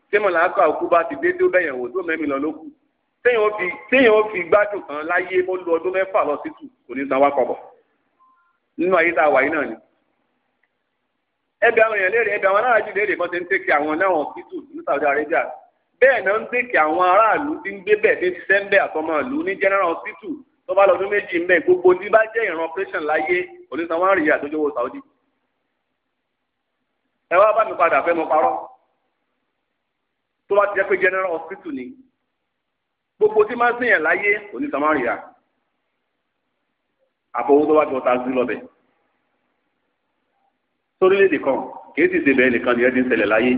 tí mo là bá ti dé tó bẹ̀yẹ̀wò tó mẹ́mi lọ lókù téèyàn ó fi gbádùn kan láyé mo lu ọdún mẹ́fà lọ sí tù kò ní san wá kọ́bọ̀ nínú ayé tá a wà yìí náà ni. ẹbí àwọn èèyàn léèrè ẹbí àwọn aráàlú léèrè kan ti ń tẹ̀kì àwọn náà sí tù ní Saudi Arabia bẹ́ẹ̀ náà ń tẹ̀kì àwọn aráàlú tí ń gbé bẹ́ẹ̀ ní sẹ́ńbẹ́ àtọmọ ìlú ní general hospital tó bá lọ́dún méjì ń bẹ̀ gbogbo tí bá jẹ́ ìran operation láyé kò ní san wá rìn àtọ́jọ́wọ́ Saudi. ẹ wá bá mi padà fẹ́ mo parọ́ tó bá ti jẹ́ pé general hospital ni gbogbo tí máa ń sèyàn láyé kò ní samaria àfọwọ́ tó wá jọ ta sí lọ́bẹ̀ sórílẹ̀-èdè kan kìí sì ṣèbẹ̀ nìkan nìyẹn ti ń ṣẹlẹ̀ láyé.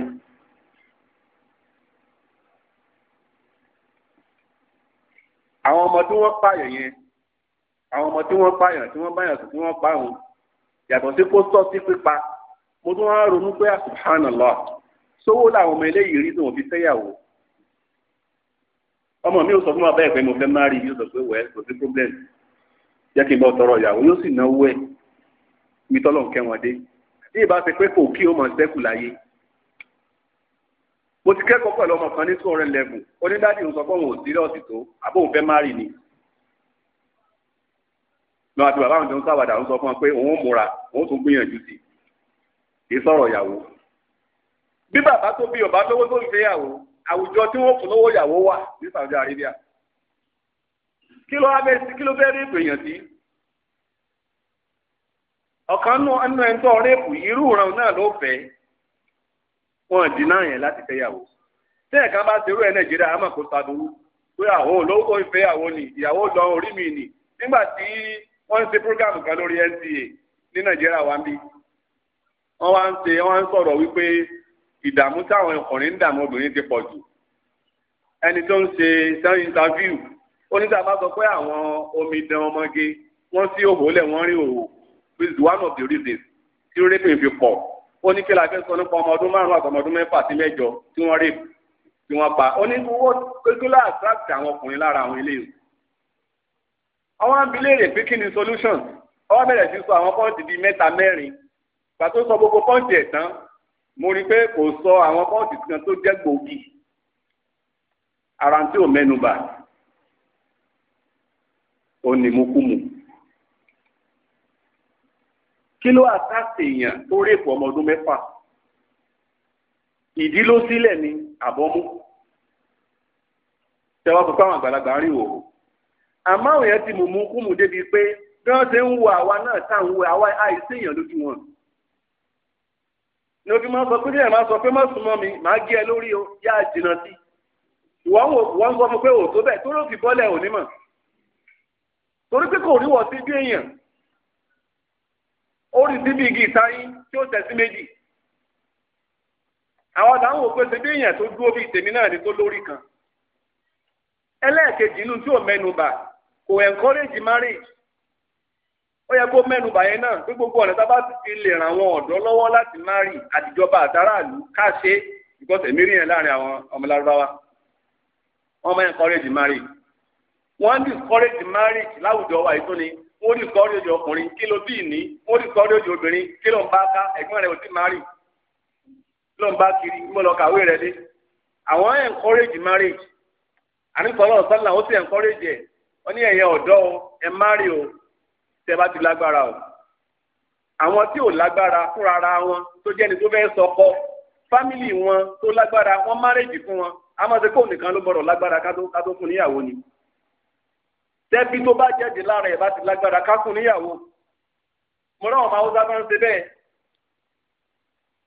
àwọn ọmọ tí wọ́n pààyàn yẹn àwọn ọmọ tí wọ́n pààyàn tí wọ́n báyàn sùn tí wọ́n pa òun yàtọ̀ sí pósítọ̀ sí pípa mo tún wá ronú pé subhanallah sówó làwọn ọmọ eléyìí rí tí wọ́n fi fẹ́yàwó ọmọ mi ò sọ fún bàbá ẹ̀ pé mo fẹ́ má rí yóò sọ pé wẹ́ẹ́ kò sí problem jẹ́ kí n bọ́ tọrọ ìyàwó yóò sì náwó ẹ̀ mi tọ́lọ̀ ń kẹ́ wọn dé bí ìbá ṣe pé kò kí ó mọ̀ sẹ́kù láyé mo ti kẹ́kọ̀ọ́ pẹ̀lú ọmọ kan ní two hundred level onídàájú ń sọ pé òun ò sí lọ́ọ̀sì tó àbóhùn fẹ́ má rí ni lọ àti bàbá àwọn tó ń sáwàdà ń sọ fún ọ pé òun ò múra òun tún gbìyànjú sí kì í sọ̀rọ̀ ìyàwó àwùjọ tí wọ́n fún lọ́wọ́ ìyàwó wà ní Saudi Arabia kí ló abẹ́ sí kí ló fẹ́ rí èèyàn sí ọ̀kan nù ẹnu ẹ̀ ń tọ́ rẹ́pù irú ìran náà ló fẹ́ wọn dínà yẹn láti fẹ́yàwó tẹ́ẹ̀ kan bá ṣerú ẹ̀ Nàìjíríà àmọ́ kó sàdúró pé àwọn olówó ìfẹ́yàwó ni ìyàwó lọ orí mi nì nígbà tí wọ́n ń ṣe programu kan lórí NTA ní Nàìjíríà wa ń bí wọ́n wá ń ṣe wọ́n ń sọ̀rọ̀ wípé ìdààmú táwọn ọkùnrin ń dààmú obìnrin ti pọ̀ jù ẹni tó ń ṣe sẹ́yìn interview oníta bá sọ pé àwọn omidan ọmọge wọ́n sí òhò lẹ̀ wọ́n rí òhò with one of the reasons tí raping fi pọ̀ ó ní kí la fẹ́ sọ nípa ọmọ ọdún márùn-ún àti ọmọ ọdún mẹ́fà sí mẹ́jọ tí wọ́n rape tí wọ́n pa ó ní owó gbégbélá attract àwọn ọkùnrin lára àwọn eléyìí àwọn abiléèrè pé kí ni solution ọwọ́ bẹ̀rẹ̀ sí sọ àwọn pọ́ǹtì bíi mẹ́ta mẹ́rin gbà sọ gbogbo pọ́ǹtì ẹ̀ tán mo rí i pé kò sọ àwọn kóòtù kan tó jẹ́ gbòógì ara tí ò mẹ́nuba ò ní mo kú mu kí ló àtàkì èèyàn tó rèpù ọmọ ọdún mẹ́fà ìdí ló sílẹ̀ ní àbọ̀mú tẹwọ́ sọ fáwọn àgbàlagbà ń rí wò ó àmọ́ àwọn yẹn ti mú mú kú mu débi pé bí wọ́n ṣe ń wo àwa náà táwọn àwa àìsí lójú wọn. ni o fi máa sọ pé ní ẹ̀ máa sọ pé má sùn mọ́ mi máa gé ẹ lórí o yá jìnnà sí pé ò tó bẹ́ẹ̀ tó ló fi bọ́lẹ̀ òní mọ̀ torí pé kò rí sí bí èèyàn ó rí síbi igi ìtayín tí ó àwọn èèyàn tó dúró tèmi náà lórí kan ẹlẹ́ẹ̀kejì inú tí ò mẹ́nu bà kò encourage marriage ó yẹ kó mẹ́nu bàyẹn náà pé gbogbo ọ̀nà tábà ti fi lè ràn àwọn ọ̀dọ́ lọ́wọ́ láti má rí àtijọba àtàràlú káṣe ìkọ́sẹ̀ mí rí yẹn láàrin àwọn ọmọ lárúbáwá wọ́n máa ń encourage marriage wọ́n ń discourage marriage láwùjọ wa ìtúni wọ́n ń discourage ọkùnrin kí ló bí ìní wọ́n ń discourage obìnrin kí ló ń bá ká ẹ̀gbọ́n rẹ̀ ò ti marry kí ló ń bá kiri mo lọ kàwé rẹ̀ dé àwọn encourage marriage àníkọ́ lọ́sọ́lá ó sì encourage ẹ̀ wọ́n ní ẹ̀yẹ ọ̀dọ́ ẹ̀ marry o tẹ bá ti lágbára o àwọn tí ò lágbára fúnra ara wọn tó jẹ́ni tó fẹ́ sọkọ fámìlì wọn tó lágbára wọn márèjì fún wọn amase kó nìkan ló gbọ́dọ̀ lágbára ká tó fún níyàwó ni tẹbi tó bá jáde lára ẹ bá ti lágbára ká fún níyàwó mo rán ọmọ haúsá kan ṣe bẹ́ẹ̀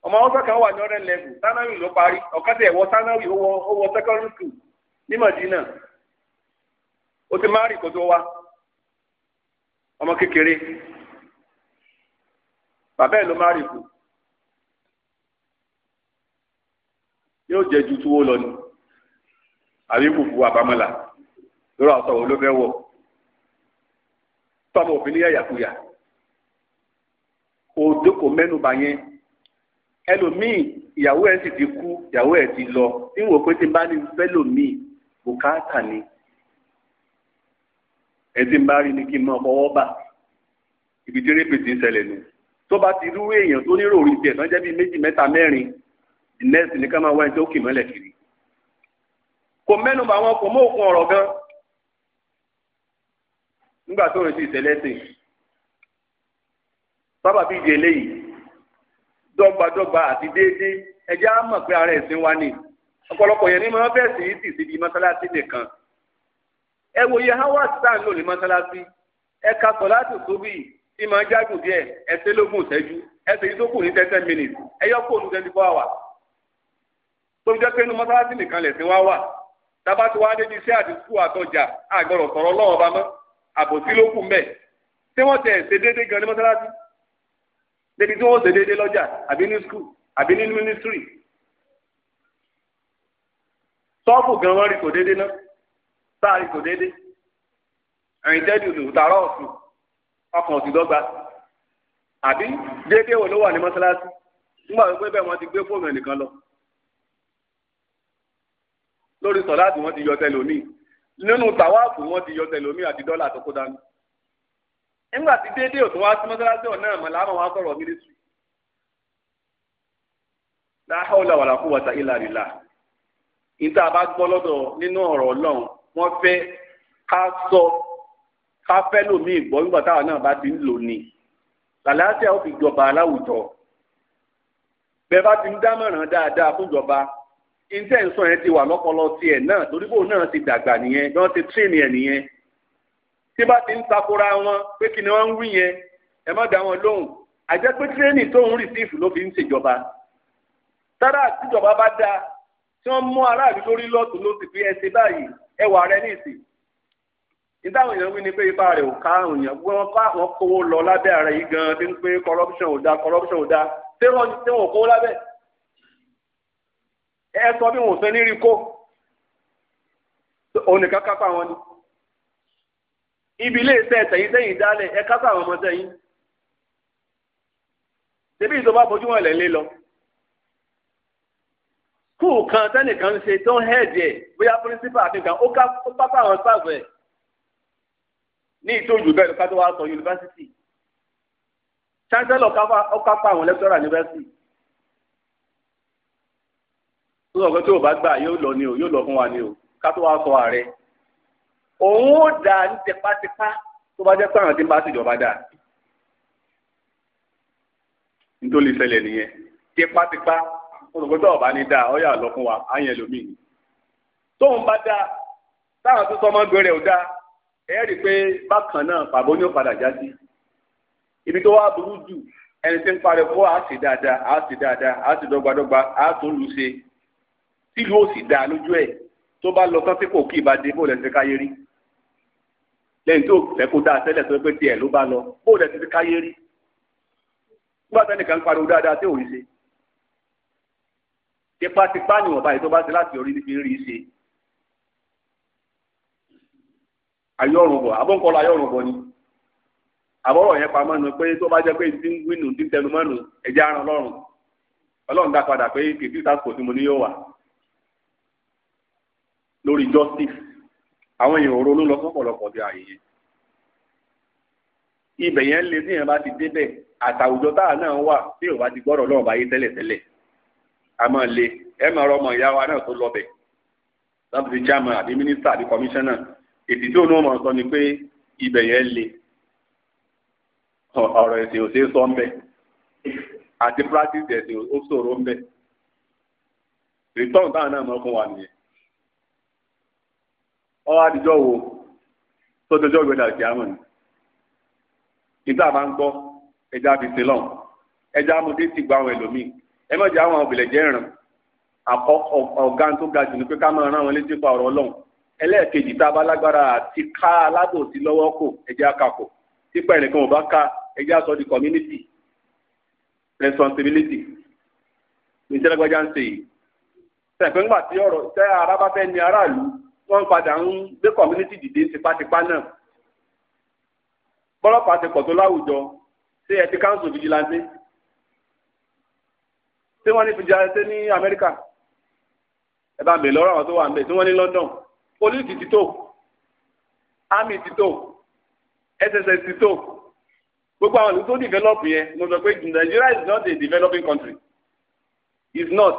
ọmọ haúsá kan wà ní ọ̀rẹ́ lẹbù sanawi ló parí ọkadà ẹwọ sanawi ó wọ secondary school ní Madina ó ti má rí kó tó wá ọmọ kékeré bàbá ẹ̀ ló má rìn kù yóò jẹ ju túwó lọ ni àbí kùkù àbámọ́là lórí àwọn sọ̀rọ̀ ló fẹ́ wọ̀ tọ́mọ òfin ní ẹ̀yàkuyà òde kò mẹ́nuba yẹn ẹlòmíì ìyàwó ẹ̀ sì ti kú ìyàwó ẹ̀ ti lọ níwò pé tí n bá ní fẹ́lòmíì bùkátà ni ẹtí ń bá rí ni kí n máa fọwọ́ bà ibi tí rẹ́pẹ̀tì ń ṣẹlẹ̀ nù tó bá ti rú èèyàn tó nírò orí tiẹ̀ tán jẹ́ bíi méjì mẹ́ta mẹ́rin nẹ́ẹ̀sì ní ká máa wá ẹni tó kì mọ́lẹ̀ kiri kò mẹ́nu bá wọn kò mọ òkun ọ̀rọ̀ gan nígbà tó rìn sí ìtẹ́lẹ́sìn sábà bíi ìdí eléyìí dọ́gbadọ́gba àti déédéé ẹjẹ́ á mọ̀ pé ara ẹ̀sìn wa ni ọ̀pọ̀lọpọ̀ yẹn ní máa bẹ́ẹ̀ sí sì síbi mọ́sálásí nìkan ẹ wo iye hours tá à ń lò ní mọ́sálásí ẹ ka sọ̀láàtì sóbì tí màá jágùn díẹ̀ ẹ ṣe lógún ìṣẹ́jú ẹ ṣe ìdókù ní ten ten minutes ẹ yọ kó nu twenty four hours tó jẹ́ pé inú mọ́sálásí nìkan lẹ̀sìn wá wà tábà tí wàá débi iṣẹ́ àti sùkúù àtọjà àgbọ̀rọ̀ sọ̀rọ̀ lọ́wọ́ bá mọ́ àbòsí ló kù mẹ́ tí wọ́n tẹ̀ ṣe déédéé gan ní mọ́sálásí débi tí wọ́n ṣe déédéé lọ́jà àbí ní sùkúù àbí ní mínísírì sọ́ọ̀fù gan wọ́n rí kò déédéé náà sáàrí kò déédé ẹ̀yìn tẹ́lẹ̀ olùkú tààrà ọ̀sùn ọkàn òsì dọ́gba àbí déédé wo ló wà ní mọ́sálásí nígbà wípé bẹ́ẹ̀ wọ́n ti gbé fóònù ẹnìkan lọ lórí sọ̀láàtì wọ́n ti yọ tẹlómìn nínú tàwáàfù wọ́n ti yọ tẹlómìn àti dọ́là tó kó dání nígbà tí déédé òtún wá sí mọ́sálásí ọ̀nà àmọ́ làwọn wá sọ̀rọ̀ mínísírì la hawla wala quwwata illa billah ìta bá gbọ́ lọ́dọ̀ nínú ọ̀rọ̀ ọlọ́run wọ́n fẹ́ ká sọ ká fẹ́ lómi ìgbọ́ nígbà táwọn náà bá ti ń lò ní làlàáfíà ó fi jọba aláwùjọ bẹ́ẹ̀ bá ti ń dámọ̀ràn dáadáa fún ìjọba iṣẹ́ ìsọ yẹn ti wà lọ́pọlọ tiẹ̀ náà torí bóun náà ti dàgbà nìyẹn bí ti tírìnì ẹ̀ nìyẹn tí bá ti ń takora wọn pé kí ni wọ́n ń wí yẹn ẹ má dá wọn lóhùn àjẹ́ pé tírẹ́nì tó ń rìsíìfù ló fi ń ṣèjọba tára àtijọba bá dáa tí wọ́n mú aráàlú lórí lọ́tún ló sì fi ẹsẹ̀ báyìí ẹwà rẹ ní ìsìn ìdáhùn yẹn wí ni pé ipa rẹ̀ ò ká àwọn èèyàn wọ́n ká àwọn kówó lọ lábẹ́ ara yìí gan-an tí ń pé corruption ò da corruption ò da tí wọ́n kówó lábẹ́ ẹ sọ bí wọn ò sẹ́ni rí kó òun nìkan kápá wọn ni ibi ilé iṣẹ́ tẹ̀yìn tẹ̀yìn dálẹ̀ ẹ kápá àwọn ọmọ tẹ̀yìn débí ìjọba fojú wọn lẹ̀ lé lọ skul kan tẹnìkan ṣe tó ń hẹ́ẹ̀dì ẹ̀ bóyá pírísípà àfihàn ó ká ó pápá àwọn sáàbù ẹ̀ ní ìtòjú bẹ́ẹ̀ lóka tó wá sọ yunifásitì chancellor ó kápá àwọn lẹ́kítọ́rà yunifásitì tó sọ pé tó o bá gbà yóò lọ ni o yóò lọ fún wa ni o ká tó wá sọ ààrẹ òun ó dà ní tipátipá tó bá jẹ́ pé àwọn tí ń bá ṣèjọba dà nítorí ìṣẹ̀lẹ̀ nìyẹn tipátipá olùgbòtò ọba ní dáa ọ yà lọ fún wa àyàn lómi ni tóun bá dáa táwọn tó sọmọ gbèrè ò dáa ẹ rí i pé bákan náà pàbó ní òpadà já sí ibi tó wá burú jù ẹni tí ń parí fún àásì dáadáa àásì dáadáa àásì dọ́gbadọ́gba àásì olùṣe sílùú òsì dáa lójú ẹ tó bá lọ tán tí kò kí ìbá dé bó lẹsẹ káyé rí lẹ́yìn tó fẹ́ dáa tẹ́lẹ̀ tó pé tiẹ̀ ló bá lọ bó lẹsẹ káyé rí nígbà tẹnìkan ń pariwo dáadáa tí ò ní ṣe tipátipá níwọ̀nba yìí tó bá ti láti orí ní fi ń rí i ṣe. ayọ̀rùnbọ̀ abọ́nkọ́lá ayọ̀rùnbọ̀ ni àbọ̀rọ̀ yẹn pamọ́ nu pé tó bá jẹ́ pé ti ń wínú ti ń tẹnu mọ́nu ẹ̀jẹ̀ aràn lọ́rùn ọlọ́run dá padà pé kìkì sásìkò tí mo ní yóò wà lórí justice àwọn èèyàn ò ronú lọ sọ́pọ̀lọpọ̀ bí ààyè yẹn ibẹ̀ yẹn lè tí yẹn bá ti débẹ̀ àtàwùjọ táà náà wà tí ò bá ti gbọ́dọ̀ lọ́rùn báyé tẹ́lẹ̀tẹ́lẹ̀ àmọ́ le ẹ máa rọ ọmọ ìyá wa náà tó lọbẹ̀ láti fi chairman àbí mínísítà àbí kọmíṣánná èsì tí òun mọ̀ sọ ni pé ibẹ̀ yẹn le ọ̀rọ̀ ẹ̀sìn ò ṣeé sọ ń bẹ̀ àti practice ẹ̀sìn ó ṣòro ń bẹ̀ return táwọn náà mọ̀ fún wa nìyẹn ọwọ́ àdìjọ́ wo tó dojọ́ ìgbẹ́dà ìkíámọ̀ ni ìta bá ń gbọ́ ẹja fi sílọ̀ ẹja amúdé ti gba àwọn ẹlòmíì ẹ má jẹ́ àwọn òbílẹ̀ jẹ́ ìran àkọ́ ọ̀gá tó ga jù ní pé ká máa rán wọn létí pa ọ̀rọ̀ ọlọ́run ẹlẹ́ẹ̀kejì tá a bá lágbára àti ká alábòsí lọ́wọ́ kò ẹjẹ́ akakò típa ẹnìkan ò bá ká ẹjẹ́ aṣọ di community responsibility níṣẹ́ lágbájá ń ṣe yìí sẹ̀pẹ́ ńgbà tí ọ̀rọ̀ tẹ́ ara bá fẹ́ ni aráàlú wọ́n padà ń gbé community dìde tipátipá náà bọ́lọ́pàá ti pọ̀ tó láwùjọ ṣé ẹ ti council vigilante tí wọ́n ní fìjà ẹsẹ̀ ní Amẹ́ríkà ẹ bá ń bèèrè lọ́rọ̀ àwọn tó wà ń bẹ̀ tí wọ́n ní London police, ti tó army ti tó SSS ti tó gbogbo àwọn ìlú tó develop yẹn mo sọ pé Nigeria is not a developing country is not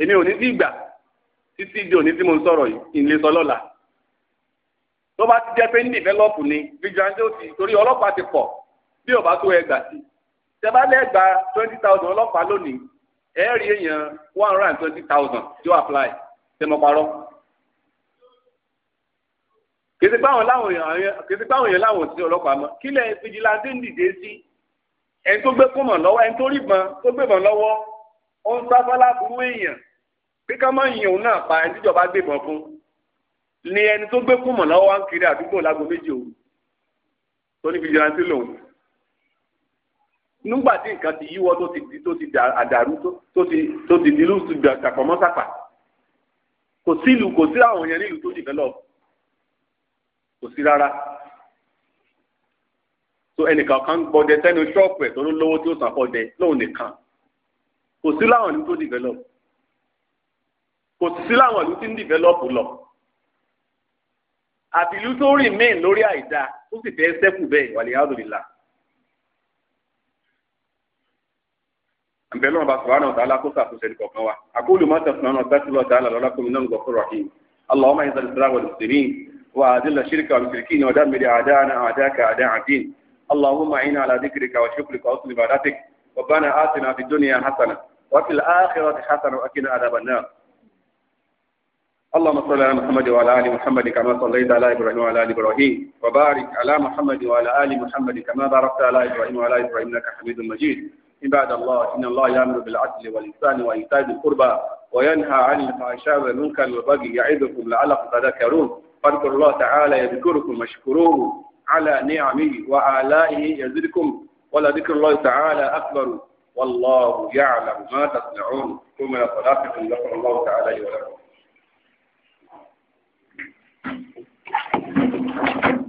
èmi ò ní sí ìgbà títí di òní tí mo ń sọ̀rọ̀ yìí ń lè sọ lọ́la tó bá ti jẹ́ pé ń develop ni vigilante ó ti torí ọlọ́pàá ti pọ̀ bí ò bá tó ẹgbàá sí tẹ bá twenty thousand ọlọ́pàá lónìí ẹ èèyàn one hundred and twenty thousand tí apply ṣe mo parọ́. kìsì báwọn láwọn èèyàn kìsì báwọn èèyàn láwọn òṣìṣẹ́ ọlọ́pàá mọ́ kílẹ̀ fìjìláńtì ń dìde sí ẹni tó gbé kùmọ̀ lọ́wọ́ ẹni tó rí ìbọn tó gbé ìbọn lọ́wọ́ ó ń sáfá láburú èèyàn kíkà máa yìn òun náà pa ẹni tíjọba gbé ìbọn fún ni ẹni tó gbé kùmọ̀ lọ́wọ́ wá ń kiri àdúgbò lágbo méjì òru tó ní fìjìláńtì lòun nígbà tí nǹkan ti yíwọ́ tó ti di tó ti dàrú tó ti tó ti dilú dàpọ̀ mọ́ sàpà kò sí ìlú kò sí àwọn yẹn nílùú tó develop kò sí rárá so ẹnìkan kan gbọdẹ sẹ́nu ṣọ́ọ̀pù ẹ̀ tó ń lówó tí ó sàn fọdẹ lóun nìkan kò sí láwọn ìlú tó develop kò sí láwọn ìlú tí ń develop lọ àtìlú tó remain lórí àìdáa ó sì fẹ́ sẹ́kù bẹ́ẹ̀ wàlíyá òdòdó nbẹ lọ́wọ́ bá subhanahu wa ta'ala kó sàkóso ẹ̀dùkọ̀ kan wa aqulu ma tasma'un astaghfirullah ta'ala lọ́lọ́kùnrin náà gọ̀fọ́ rahim allahumma inna al-islam wal muslimin wa adilla shirka wal mushrikin wa dammir a'da'ana a'da'aka a'da'a din allahumma inna ala dhikrika wa shukrika wa husni ibadatik rabbana atina fid dunya hasana wa fil akhirati hasana wa qina adhaban nar اللهم صل على محمد وعلى ال محمد كما صليت على ابراهيم وعلى ال ابراهيم وبارك على محمد وعلى ال محمد كما باركت على ابراهيم وعلى ال ابراهيم انك حميد مجيد عباد الله إن الله يأمر بالعدل والإحسان وإيتاء ذي القربى وينهى عن الفحشاء والمنكر والبغي يعظكم لعلكم تذكرون فاذكروا الله تعالى يذكركم واشكروه على نعمه وآلائه يزدكم ولذكر الله تعالى أكبر والله يعلم ما تصنعون ثم صلاتكم ذكر الله تعالى ولكم